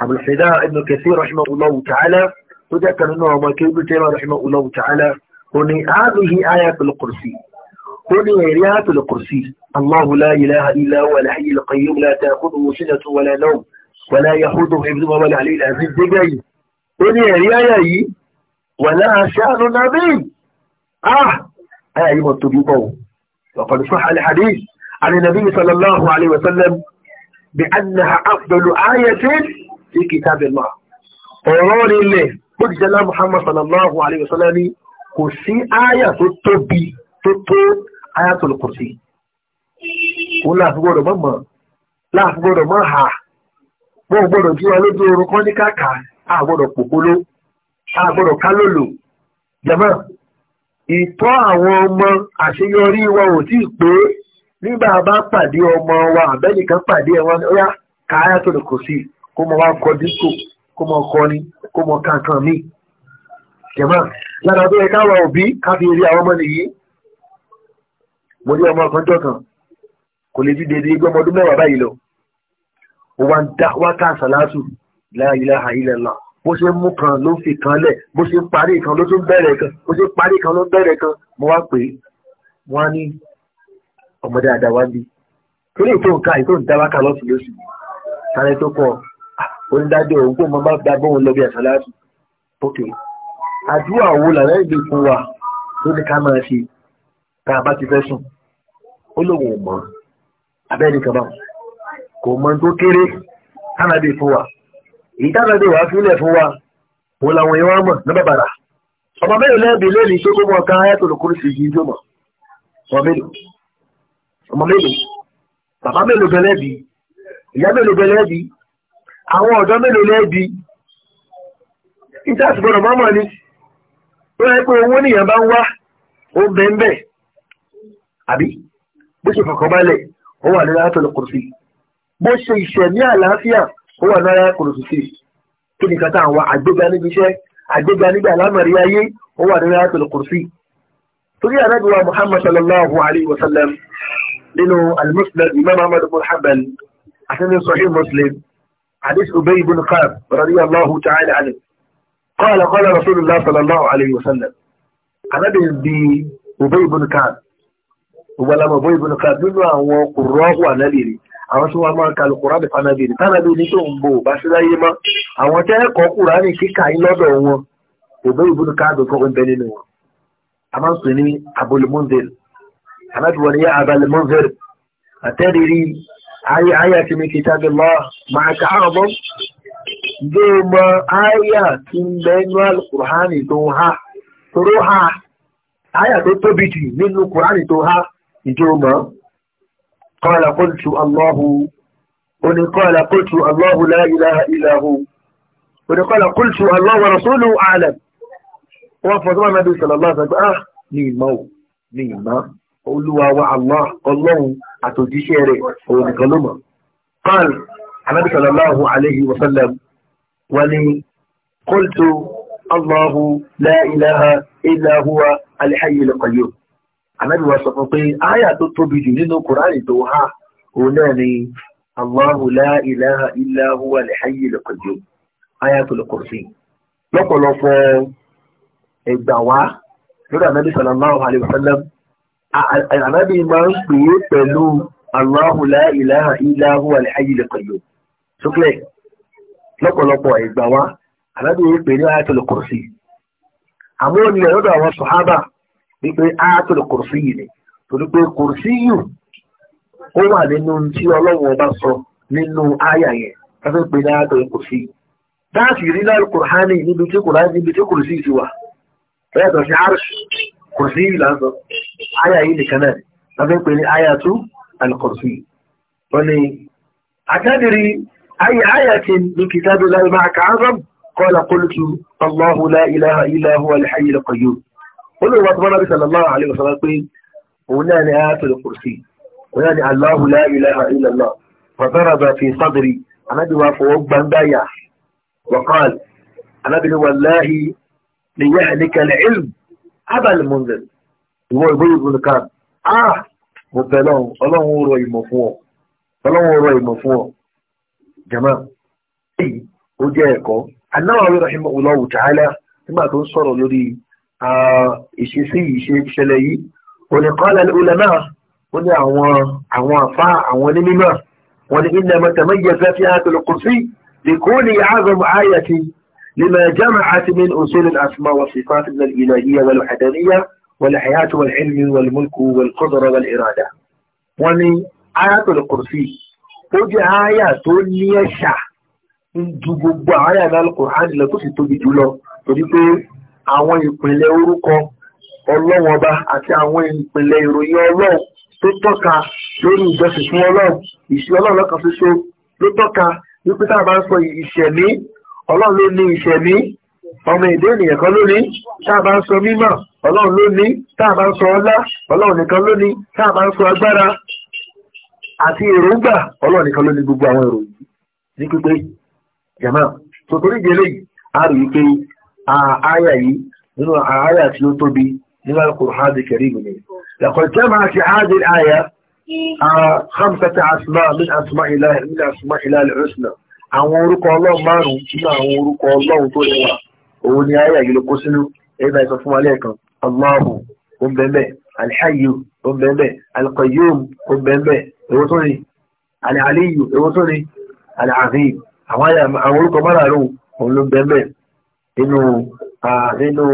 أبو الحداء ابن كثير رحمه الله تعالى وذكر أنه ما كيب رحمه الله تعالى هني هذه آية القرسي هني آية القرسي الله لا إله إلا هو الحي القيوم لا تأخذه سنة ولا نوم ولا يحوده حفظه ولا عليه العزيز دقي هني آية ولا شأن نبي آه, آه، آية ما وقد صح الحديث عن النبي صلى الله عليه وسلم بأنها أفضل آية في كتاب الله ọ̀rọ̀ nílẹ̀ ó ti jẹ́lá Muhammad sallallahu alayhi wa sallam ni kò sí àyà tó tóbi tó tó Ayatul Kursi ó láàfin gbọ́dọ̀ mọ́ mọ́ láàfin gbọ́dọ̀ mọ́ hà wọ́n gbọ́dọ̀ jí wa lójú orun kan ní káàkà àgbọ́dọ̀ pòpóló àgbọ́dọ̀ kálòlò jẹ́mọ́ ìtọ́ àwọn ọmọ àṣeyọrí wọn ò tí ì pé nígbà bá pàdé ọmọ wa àbẹ́nìkan pàdé ẹ̀ wọn ọ̀yà káyà tó lè kò sí kó mọ wá kọ dípò kó mọ kọrin kó mọ kankan míì jẹ̀mọ́ lára tó yẹ káwọn òbí káfí rí àwọn ọmọ nìyí mo rí ọmọ kan jọ̀kan kò lè dìde dé gbọ́mọdún mẹ́wàá báyìí lọ ó wá ń dá wákà sàlásù láàyè láàyè lẹ́la bó ṣe mú kan ló fi kan lẹ̀ bó ṣe parí kan ló tún bẹ̀rẹ̀ kan bó ṣe parí kan ló bẹ̀rẹ̀ kan mo wá pè é wọ́n á ní ọmọ dáadáa wá bí torí ètò nǹkan ètò ìdáwákà lọ́sùn lóṣù tààrẹ tó pọ̀ ah, onídàájọ́ òun kò mọ bá gba bóun lọ bí àṣàlásù òkè àdúrà wo làwọn ìgbè fún wa ló ní ká máa ṣe tá a bá ti fẹ́ sùn ó lóun ò mọ̀ abẹ́ẹ̀ni kan báwọn kò mọ tó kéré tánàbí fún wa èyí tá àgbàdo wàá fílẹ̀ fún wa òun làwọn èèyàn wá mọ̀ ní bàbàrà ọmọ mélòó lẹ́bi lónìí tó gbọ́mọ ká ayatollah lókùrú sí yìí tó mọ̀ ọmọ mélòó ọmọ mélòó bàbá mélòó bẹ lẹ́bi ìyá mélòó bẹ lẹ́bi àwọn ọ̀dọ́ mélòó lẹ́bi ìjà àtìgbọ́dọ̀ mọ́mọ́ ni ó yẹ pé owó nìyẹn bá ń wá ó ń bẹ ń bẹ àbí bó ṣe fọkànbalẹ̀ ó wà lórí ayatollah lókùrú sí bó ṣe ìṣẹ̀ ní àlàáfíà ó wà náírà kùrùsù sí kí ni kàtà àwọn àgbéga níbi iṣẹ́ àgbéga níbi àlámọ̀rí ayé ó wà náírà kùrùsù sí torí ànábì wa muhammad sallallahu alayhi wa sallam nínú al-muslim imam ahmad bin hanbal àti nínú sahih muslim hadith ubay bin kab radiyallahu ta'ala anhu قال قال رسول الله صلى الله عليه وسلم أنا بي أبي بن كعب ولا أبي بن كعب nínú àwọn قراء ونبيري àwọn tó wá máa ka lùkùrá bí fanabi ní tábàbí ní tó ń bo ò bá sí láyé mọ́ àwọn tẹ́ ẹ̀kọ́ kúrá ní kíkà yín lọ́dọ̀ wọn òbó ìbúni káàdù kan ń bẹ nínú wọn a máa ń sùn ní abolimunzil aláàbíwọ̀n ní abalimunzil àtẹ́rìírí ayé ayé àti mi kìí tábí lọ máa ka àrùn mọ́ gbé mọ ayé àti mẹ́nu alukùránì tó ń ha tó ha ayé àti tóbi jù nínú kùránì tó ha ìjọ mọ́. قال قلت الله وني قال قلت الله لا إله إلا هو وني قال قلت الله ورسوله أعلم وفضل النبي صلى الله عليه وسلم آه نيمو نيمو olúwa wa allah ọlọ́run àtòjíṣẹ́ rẹ̀ òun nìkan ló mọ̀. qal anabi sallallahu alayhi wa sallam wa ni qultu allahu la ilaha illa huwa alhayy alqayyum. Ànábì wa sọ fún pé àyà tó tóbi jù nínú Kùránì tó há òun náà ni Allahu la ilaha illa huwa al-hayyul qayyum Ayatul Kursi. Lọ́pọ̀lọpọ̀ ẹgbà wá lórí Ànábì sallallahu alayhi wa sallam. Ànábì máa ń pè é pẹ̀lú Allahu la ilaha illa huwa al-hayyul qayyum. Sókè lọ́pọ̀lọpọ̀ ẹgbà wá Ànábì ń pè ní Ayatul Kursi. Àmọ́ ni ọ̀dọ̀ àwọn sàhábà wípé áátòlù kùrùsí yìí ni torí pé kùrùsí yìí ó wà nínú tí ọlọ́run ọba sọ nínú àyà yẹn káfí pé ní áátòlù kùrùsí yìí dáàtì rí lálẹ́ kùrùhánì níbi tí kùrùhánì níbi tí kùrùsí yìí ti wà ẹ̀yàtọ̀ sí àrùsì kùrùsí yìí lásán àyà yìí nìkan náà káfí pé ní àyà tú alùkùrùsí yìí wọ́n ní àtẹ́dìrí أي آية من كتاب الله معك أعظم قال قلت الله لا إله إلا هو الحي القيوم olóòwò tó bá nábì sallallahu alaihi wasallam pé òun náà ni ayatul kursi òun náà ni Allahu la ilaha illallah fadaraba fi sadri anábì wa fọwọ́ gbangbáyà waqal anábì ni wàláhi li yahlika al-ilm abal munzir ìwọ ìbúrú ìbúrú kan ah mo bẹ̀ lọ́hùn ọlọ́run rọ ìmọ̀ fún ọ ọlọ́run rọ ìmọ̀ fún ọ jama ó jẹ́ ẹ̀kọ́ anáwó rahimahullahu ta'ala ìṣesí ìṣẹ̀lẹ̀ yìí oníkọ́lá ulama ó ní àwọn àwọn àfá àwọn onímọ̀ wọn ni ilẹ̀ mọ̀tàmẹ́yẹ fẹ́ fi hàn tó kùsí lèkóòlì ààzọm ayati lima jama'at min usul al-asma wa sifat al-ilahiyya wal hadaniyya wal hayat wal ilmi wal mulku wal qudra wal irada wọn ni ayatul kursi ó jẹ́ aya tó ní ẹ̀ṣà ń ju gbogbo aya náà al-Qur'an lọ tó sì tóbi jùlọ torí pé àwọn ìpìlẹ̀ orúkọ ọlọ́run ọba àti àwọn ìpìlẹ̀ ìròyìn ọlọ́run tó tọ́ka lórí ìjọsìn fún ọlọ́run ìṣe ọlọ́run lọ́kan ṣoṣo ló tọ́ka wípé tá a bá ń sọ ìṣẹ̀mí ọlọ́run ló ní ìṣẹ̀mí ọmọ èdè ènìyàn kan ló ní tá a bá ń sọ mímọ̀ ọlọ́run ló ní tá a bá ń sọ ọlá ọlọ́run nìkan ló tá a bá ń sọ agbára àti èròǹgbà ọlọ́run nìkan ló ní gbogbo àwọn èrò yìí ní pípé jama tòtòrí ìdílé yìí a rí i pé ààyà yìí nínú ààyà tí ó tóbi nínú Al-Qur'an Karim ni laqad jama'at hadhihi al-aya khamsata asma' min asma' ilahi min asma' ilahi al-husna àwọn orúkọ ọlọ́run márùn-ún nínú àwọn orúkọ ọlọ́run tó lẹ́wà òun ni ààyà yìí ló kó sínú ẹgbẹ́ ìsọ fún ní Al-Aliyyu èwo tó ní Al-Azim àwọn orúkọ márùn-ún òun ló ń nínú nínú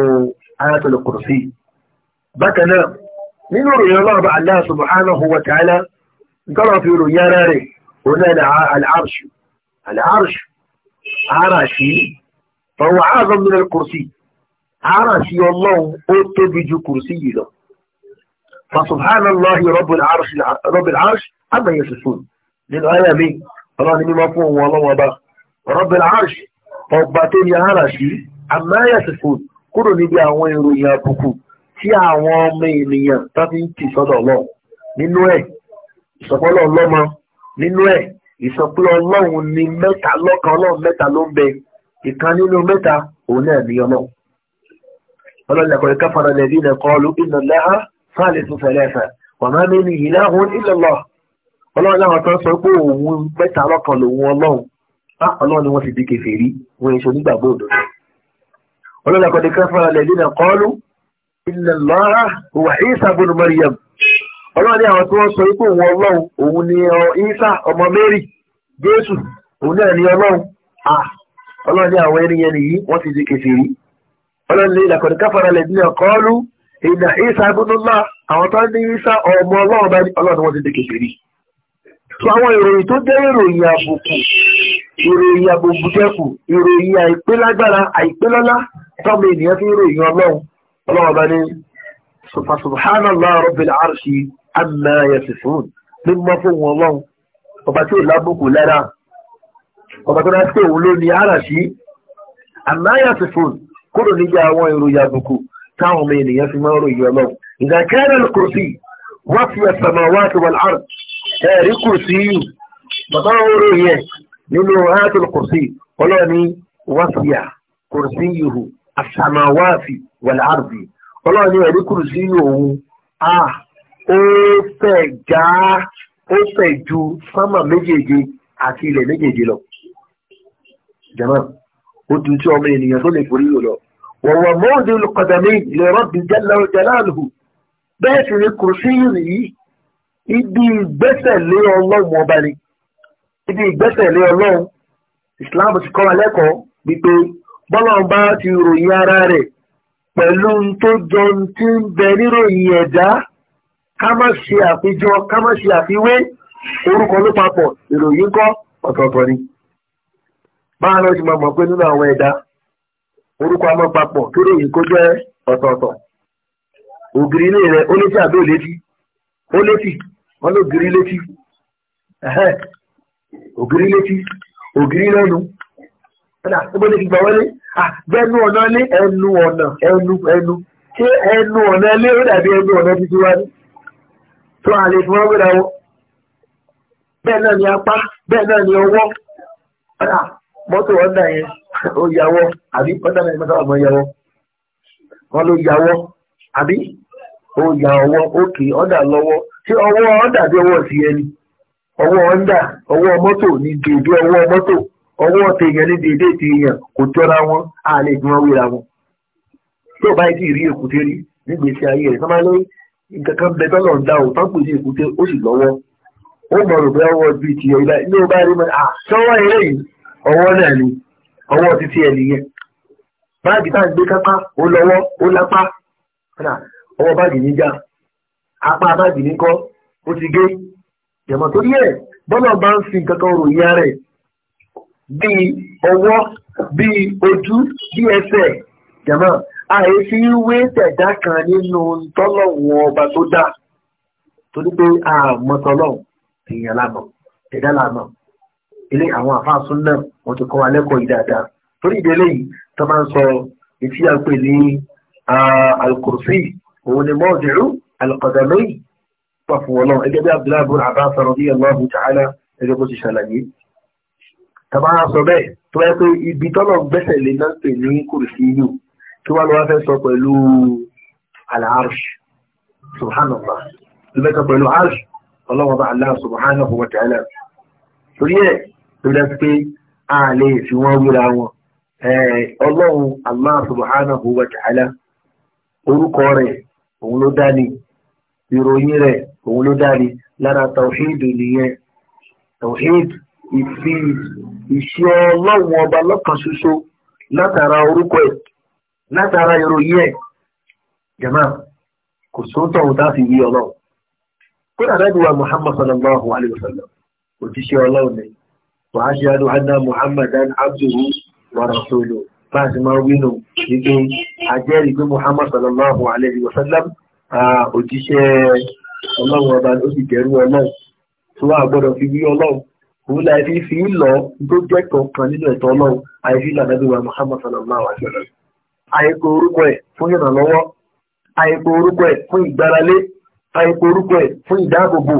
ayatul kursi bákan náà nínú ìròyìn ọlọ́ọ̀bá Allah subhanahu wa ta'ala gọ́rọ̀ fi ròyìn ara rẹ̀ òun náà al-arshu al-arshu arashi fọwọ́ azam min al-kursi arashi ọlọ́run ó tóbi ju kursi yìí lọ فسبحان الله رب العرش رب العرش عما يصفون من آية مين؟ الله نمي مفهوم والله وبا رب العرش ọba tó ní ara sí amáyàsífò kúrò níbi àwọn ìròyìn àbùkù tí àwọn ọmọ ènìyàn tó fi ń tì sọ́dọ̀ lọ nínú ẹ̀ ìsọpọ́lọ́ ọlọ́mọ nínú ẹ̀ ìsọpọ́lọ́ ọlọ́run ní mẹ́ta lọ́kan ọlọ́run mẹ́ta ló ń bẹ ìkan nínú mẹ́ta òun náà ní ọlọ́run ọlọ́run ẹ̀kọ́ ẹ̀ká fara lẹ́bí ilẹ̀ kan ọlú iná lẹ́hà fáàlì tó fẹ̀lẹ́ ẹ̀fẹ̀ wà máa ní ìlà òun ilẹ̀ ọlọ́run bákan ah, náà ni wọ́n ti di kèfèrí wọ́n èso nígbàgbọ́ òdodo ọlọ́dà kọ́ni kẹfàrà lẹ́yìn náà kọ́ọ́lù ilẹ̀ lọ́ra wà Ìsá bùnú Maryam ọlọ́run ní àwọn tí wọ́n sọ ipò wọn ọlọ́run òun ni Ìsá ọmọ Mary Jésù òun náà ni ọlọ́run à ah, ọlọ́run ní àwọn ẹni yẹn nìyí wọ́n ti di kèfèrí ọlọ́run ní ìlàkọ̀ni kẹfàrà lẹ́yìn náà kọ́ọ́lù ìnà Ìsá ìròyìn àbòbùjẹ́kù ìròyìn àìpélágbára àìpélọ́lá tọ́mọ ènìyàn fi ròyìn ọlọ́run ọlọ́run bá ní subhanallah rabbil arshi amma yasifun ní mọ́ fún wọn ọlọ́run ọba tí ò lábùkù lára ọba tó dáa sí òun ló ní àràṣí amma yasifun kúrò níbi àwọn ìròyìn àbùkù táwọn ọmọ ènìyàn fi máa ròyìn ọlọ́run idha kana al-kursi wasi'a as-samawati wal nínú ayatul kùrsì ọlọ́ọ̀ni wáṣíà kùrsì yìí àṣàmáwáàfì wàlẹ̀ àrùbí ọlọ́ọ̀ni ẹ̀rí kùrsì yìí òun a ó fẹ̀ já ó fẹ̀ ju sámà méjèèje àti ilẹ̀ méjèèje lọ. jama ó ju tí ọmọ ènìyàn tó lè forí lọ. wọ̀wọ̀ mọ́ọ̀dé olùkọ́dàmí lè rọ́bì jálálùhù bẹ́ẹ̀ sì ni kùrsì yìí ibi ìgbésẹ̀ lé ọlọ́run ni. ibi ìgbẹ́sẹ̀lé ọlọ́run islam ti kọ́ wa lẹ́kọ̀ọ́ wípé bọ́lọ́run bá ti ròyìn ara rẹ̀ pẹ̀lú tó jọ ti ń bẹ níròyìn ẹ̀dá ká má ṣe àpéjọ ká má ṣe àfiwé orúkọ ni. báwa náà ti máa mọ̀ pé nínú àwọn ẹ̀dá orúkọ papọ̀ tó ògiri létí ògiri lẹ́nu ọ gbogbo ní gbígbà wọlé àgbẹ̀nu ọ̀nà lé ẹnu ọ̀nà ẹnu ẹnu ṣé ẹnu ọ̀nà lé ó dàbí ẹnu ọ̀nà títí wá ní tó àlè fún náà ni apá náà ni yẹn ó àbí náà wọn ló àbí ó yà òkè ṣé ọwọ́ honda ọwọ́ mọ́tò ní dèédé ọwọ́ mọ́tò ọwọ́ tèèyàn ní dèédé tèèyàn kò jọra wọn a lè fi wọn wéra wọn tí ò báyìí tí ì rí èkúté rí nígbèsí ayé rẹ̀ sọ́mọ́ lórí nǹkan kan bẹ tọ́lọ̀ ń dá o tán pèsè èkúté ó sì lọ́wọ́ ó mọ̀ rò pé ọwọ́ bíi tiẹ̀ ìgbà ní o rí mọ́ àṣọwọ́ eré yìí ọwọ́ náà ni ọwọ́ títí ẹ nìyẹn báàgì tá à ń gbé kápá ó lọ́wọ́ ó lápá ọwọ́ báàgì níjà apá báàgì ní ó ti gé jẹ̀mọ̀ torí ẹ̀ bọ́lá bá ń fi nǹkan kan ròyìn ara ẹ̀ bíi ọwọ́ bíi ojú bíi ẹsẹ̀ jẹ̀mọ̀ àìsí wé tẹ̀dá kan nínú tọ́lọ̀wọ̀n ọba tó dá torí pé àmọ́tọ́lọ́hùn èèyàn lànà tẹ̀dá lànà ilé àwọn àfáàsùn náà wọ́n ti kọ́ wa lẹ́kọ̀ọ́ yìí dáadáa torí ìdílé yìí tó máa ń sọ ètí ní ah, alukursi òun ni mọ́ọ̀dẹ̀rú alukọ̀dàmẹ́yì pàfọ̀ wọn náà ẹgẹ́ bí Abdullahi bin Abbas radiyallahu ta'ala ẹgẹ́ bó ti ṣàlàyé tàbá sọ bẹ́ẹ̀ tó yẹ pé ibi tọ́lọ̀ gbẹ́sẹ̀ lé náà pè ní kùrìsíyù tó wà ló wá fẹ́ sọ pẹ̀lú al-arsh subhanallah ló fẹ́ sọ pẹ̀lú arsh ọlọ́wọ́ bá Allah subhanahu wa ta'ala torí ọlọ́run Allah subhanahu òun ló dáre lára tàwíìdù nìyẹn tàwíìdù ìfi ìṣẹ́ ọlọ́run ọba lọ́kàn ṣoṣo látara orúkọ ẹ̀ látara ìròyìn ẹ̀ jama kò sóńtọ̀ ohun tá a fi yí ọlọ́run kó dàda ìdíwà muhammad sallallahu alayhi wa sallam òjíṣẹ́ ọlọ́run ni wàá ṣe adùn anna muhammadan abduhu wa rasuluhu láti máa wínú wípé ajẹ́rìí pé muhammad sallallahu alayhi wa sallam òjíṣẹ́ ọlọ́run ọba ló sì jẹ́rú ọlọ́run tó wà gbọ́dọ̀ fi wí ọlọ́run òun láì fi fi ń lọ tó jẹ́ kankan nínú ẹ̀tọ́ ọlọ́run àìfi lànàbí wa muhammad sallallahu alayhi wa sallam àìkò orúkọ ẹ̀ fún ìrànlọ́wọ́ àìkò orúkọ ẹ̀ fún ìgbáralé àìkò orúkọ ẹ̀ fún ìdáàbòbò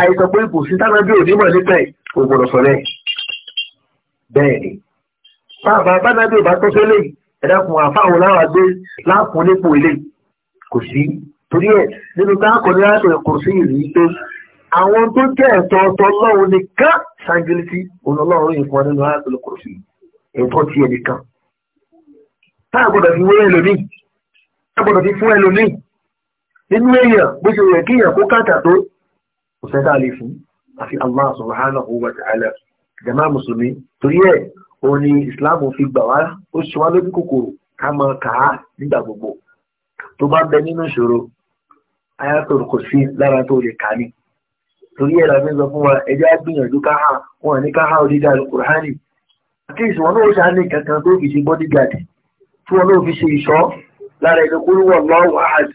àìsàn pé kò sí tánàbí onímọ̀ nípa ẹ̀ kò gbọ́dọ̀ sọ bẹ́ẹ̀ bẹ́ẹ̀ ni bàbá bánàbí ò bá tọ́ sẹ́lẹ̀ ẹ̀dá kun àfáwọn láwàgbé láàkún nípò ilé kò sí torí ẹ̀ nínú káàkọ̀ ní láti ẹ̀kọ́ sí ìlú pé àwọn tó jẹ́ ẹ̀tọ́ ọ̀tọ̀ lọ́wọ́ nìkan ṣàǹgìlìtì olọ́lọ́run ìfọn nínú àgbẹ̀lẹ̀ kò sí ẹ̀tọ́ ti ẹ̀ nìkan táà gbọ́dọ̀ fi wé ẹlòmíì táà gbọ́dọ̀ fi fún ẹlòmíì nínú èèyàn bó ṣe rẹ̀ kíyàn kó kàtà tó kò sẹ́dá lè fún àfi Allah subhanahu wa ta'ala jama musulmi torí ẹ̀ òun ni Islam fi gbà wá ó ṣe wá lójú kòkòrò ká máa kà á nígbà gbogbo tó bá bẹ nínú ìṣòro ayatul kursi lára tó lè kà ní torí ẹ̀rọ mi sọ fún wa ẹjẹ́ gbìyànjú káhà wọn ní káhà orílẹ̀ alukurhani àti ìsìn wọn náà ṣáà ní kankan tó fi ṣe bodyguard tí wọn náà fi ṣe ìṣọ́ lára ẹni kúrú wọn lọ́wọ́ ahad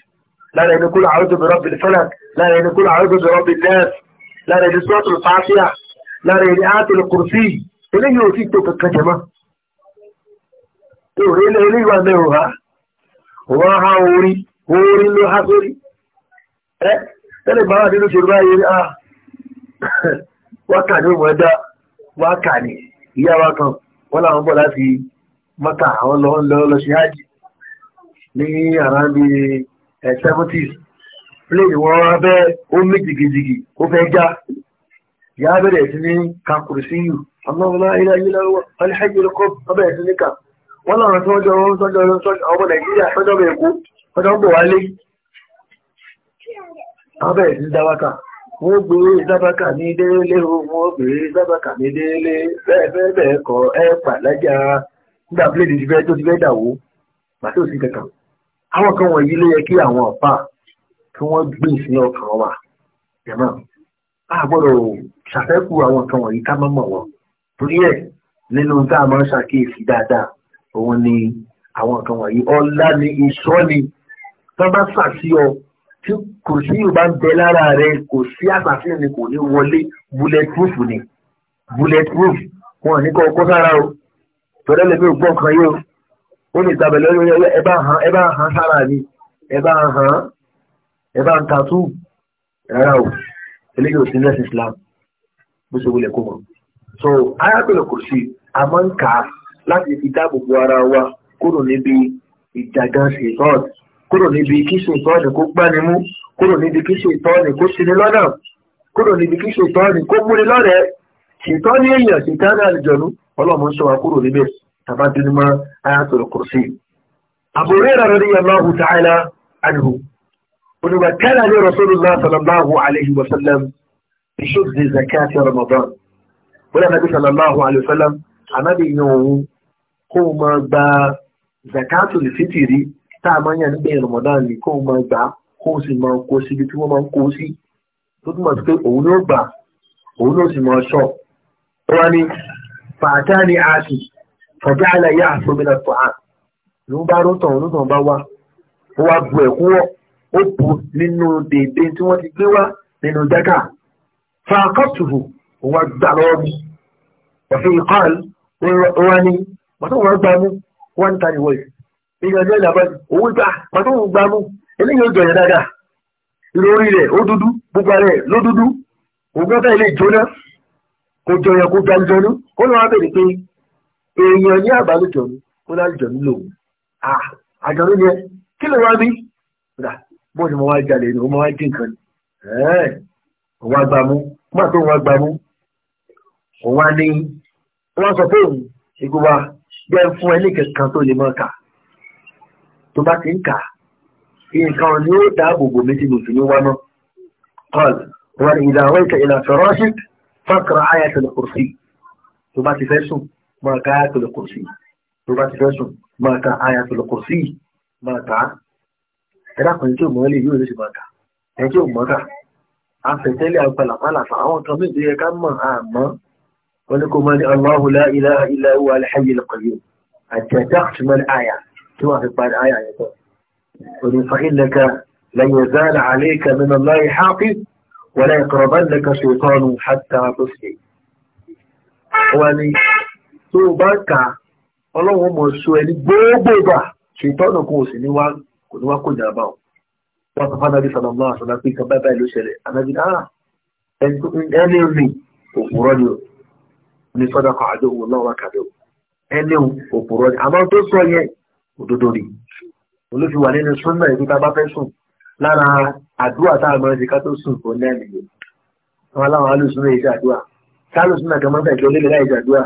lára ẹni kúrú àwọn tóbi rọ́bì falak lára ẹni kúrú àwọn tóbi rọ́bì nẹ́ẹ̀f lára ẹni sọ́ọ̀tù fàáfíà lára ẹni àtòlù kùrùsì eléyìí ò sì tó kankan jẹ mọ́. orí ló há sórí ẹ́ eh, tẹ́lẹ̀ bá wà ṣe báyìí ah wákà ní òun ẹ̀dá wákà ní ìyá wa kan wọ́n làwọn bọ̀ láti mọ́ta àwọn lọ ń lọ hajj ní ẹ̀ eh, plane wọn ó mí jìgìjìgì ó fẹ́ já ìyá sí ní kankuru sí yù ilé ayé lọ́wọ́ lọ́kọ́ sí wọ́n ọmọ nàìjíríà sọ́jọ́ bẹ̀rẹ̀ kú bọ̀ wálé àwọn bẹ̀rẹ̀ sí dábàkà wọ́n gbèrè dábàkà ní délé wọ́n gbèrè dábàkà ní délé bẹ́ẹ̀ bẹ́ẹ̀ kọ́ ẹ pàlájà nígbà pílẹ̀dì ti fẹ́ tó ti fẹ́ dàwó pàtó sí kankan àwọn kan wọ̀nyí ló yẹ kí àwọn ọ̀pá kí wọ́n gbé sí ọkàn wa jẹ̀mọ́ a gbọ́dọ̀ ṣàfẹ́kù àwọn kan wọ̀nyí ká mọ́mọ́ wọn torí ẹ̀ nínú tá a máa ń ṣàkíyèsí dáadáa òun ni àwọn kan wọ̀nyí ọlá ni ìṣọ́ ni tó bá ṣàṣì tí kò sí yorùbá ń bẹ lára rẹ kò sí àṣàfihàn ni kò ní wọlé bulletproof ni bulletproof wọn ò ní kọ́ ọkọ́ sára o tọ́lẹ́ lẹ́gbẹ́ ògbọ́n kan yóò ó ní ìtàbẹ̀ lọ́yọ́ ẹ bá hàn ẹ bá hàn sára mi ẹ bá hàn ẹ bá ń tatú rárá o eléyìí ò sí lẹ́sìn Islam bó ṣe wulẹ̀ kó so arábìnrin kò sí a máa ń kà á láti fi dáàbò bo ara wa kúrò níbi ìjàgàn ṣètọ́ọ̀tì kúrò níbi kí ṣètọ́ni kó gbani mú kúrò níbi kí ṣètọ́ni kó ṣini lọ́nà kúrò níbi kí ṣètọ́ni kó múni lọ́rẹ̀ẹ́ ṣètọ́ni èèyàn ṣètọ́ni àlùjọ̀nú ọlọ́mọ ń sọ wa kúrò níbẹ̀ tàbá dunu mọ́ ayatul kursi. Abu Hurairah radiyallahu ta'ala anhu onígbà kana li rasulullah sallallahu alayhi wa sallam bishuddi zakati ramadan wọ́n yàrá sallallahu alayhi wa sallam tá a máa yàn nígbà Ramadan ni kó o máa gbà kó o sì máa kó síbi tí wọ́n máa ń kó sí tó túmọ̀ sí pé òun ló gbà òun ló sì máa sọ ó wá ní fàtà ni a sì fọ̀gá àlàyé àfọmìnà tó à ló ń bá rótàn òun lótàn bá wá ó wá bu ẹ̀kú wọ̀ ó bu nínú dèdè tí wọ́n ti gbé wá nínú jákà fàkọ́tùhù òun wá gbà lọ́wọ́ mi òfin kọ́ọ̀lù ó wá ní wọ́n tó wọ́n gbà mú wọ́n ń ta ìwọ̀ yìí èèyàn ní ẹ̀dà báyìí owó ìgbà pàtó òun gbámú eléyìí ó jọyọ̀ dáadáa ìròrí rẹ̀ ó dúdú gbogbo rẹ̀ ló dúdú ògbọ́tà ilé ìjóná kò jọyọ̀ kò gbàlùjọ́nú ó lọ́wọ́ bèrè pé èèyàn ní àbálùjọ́nú ó lálùjọ́nú lòun àjọ̀nú yẹn kí ló wá bí bó ni mo wá jalè ni mo wá dín nǹkan ni òun wá gbámú má tó òun wá gbámú òun wá ní wọ́n sọ fóun ìgbó wa bẹ́ẹ̀ fún ẹ ní kankan tó bá ti ń kà nǹkan ni ó dáàbò bò mí tí mo sì ní wá náà paul wọn ìdá àwọn ìkà ìlà fẹrọṣìk fàkàrà àyà tẹlẹ kùrùsì tó bá ti fẹ́ sùn máa ka àyà tẹlẹ kùrùsì tó bá ti fẹ́ sùn máa ka àyà tẹlẹ kùrùsì máa kà á ẹ dákùnrin tí ò mọ ẹlẹ́yìí ò lè ṣe máa kà ẹ tí ò mọ kà afẹ̀tẹ́lẹ̀ àpàlàpàlàfà àwọn nǹkan méjì yẹ ká mọ̀ àmọ́ wọn ni o daabo bo mi ti mo si wa naa mọ to ba ti fe sun maa ka aya tele to ba ti fe sun maa ka aya tele kurusi maa ka a e dakunrin mo lè ìlà ìwà alẹ́ kí wọ́n fi parí àyà yẹn tán onífa ìlẹ̀kà lẹ́yìn zánà àlékà nínú láì hápí wọlé ìkọ̀rọ̀bá ìlẹ̀kà ṣètọ́nù hàtà tó ṣe wọ́n ni tó bá ń ka ọlọ́run mọ̀ ṣọ ẹni gbogbo ìgbà ṣètọ́nù kò sì ní wá kò ní wá kó ìjàmbá o wọ́n sọ fún anábì sọ̀rọ̀ náà sọ̀rọ̀ pé nǹkan báyìí báyìí ló ṣẹlẹ̀ anábì náà ah, ẹni rí òpùrọ̀ ni o ní sọ́dọ̀ kọ̀ àdó òun náà wá kàdó ẹni òpùrọ̀ ni àmọ́ tó sọ yẹn òdodo rí olófin wà nínú súnmọ́ ìlú tá a bá fẹ́ sùn lára àdúrà tá a máa ṣe ká tó sùn kò ní ẹ̀mí yìí àwọn aláwọn alùsùnmọ́ èyí ṣàdúrà tá alùsùnmọ́ kan máa ń tàjọ lélẹ̀ láì ṣàdúrà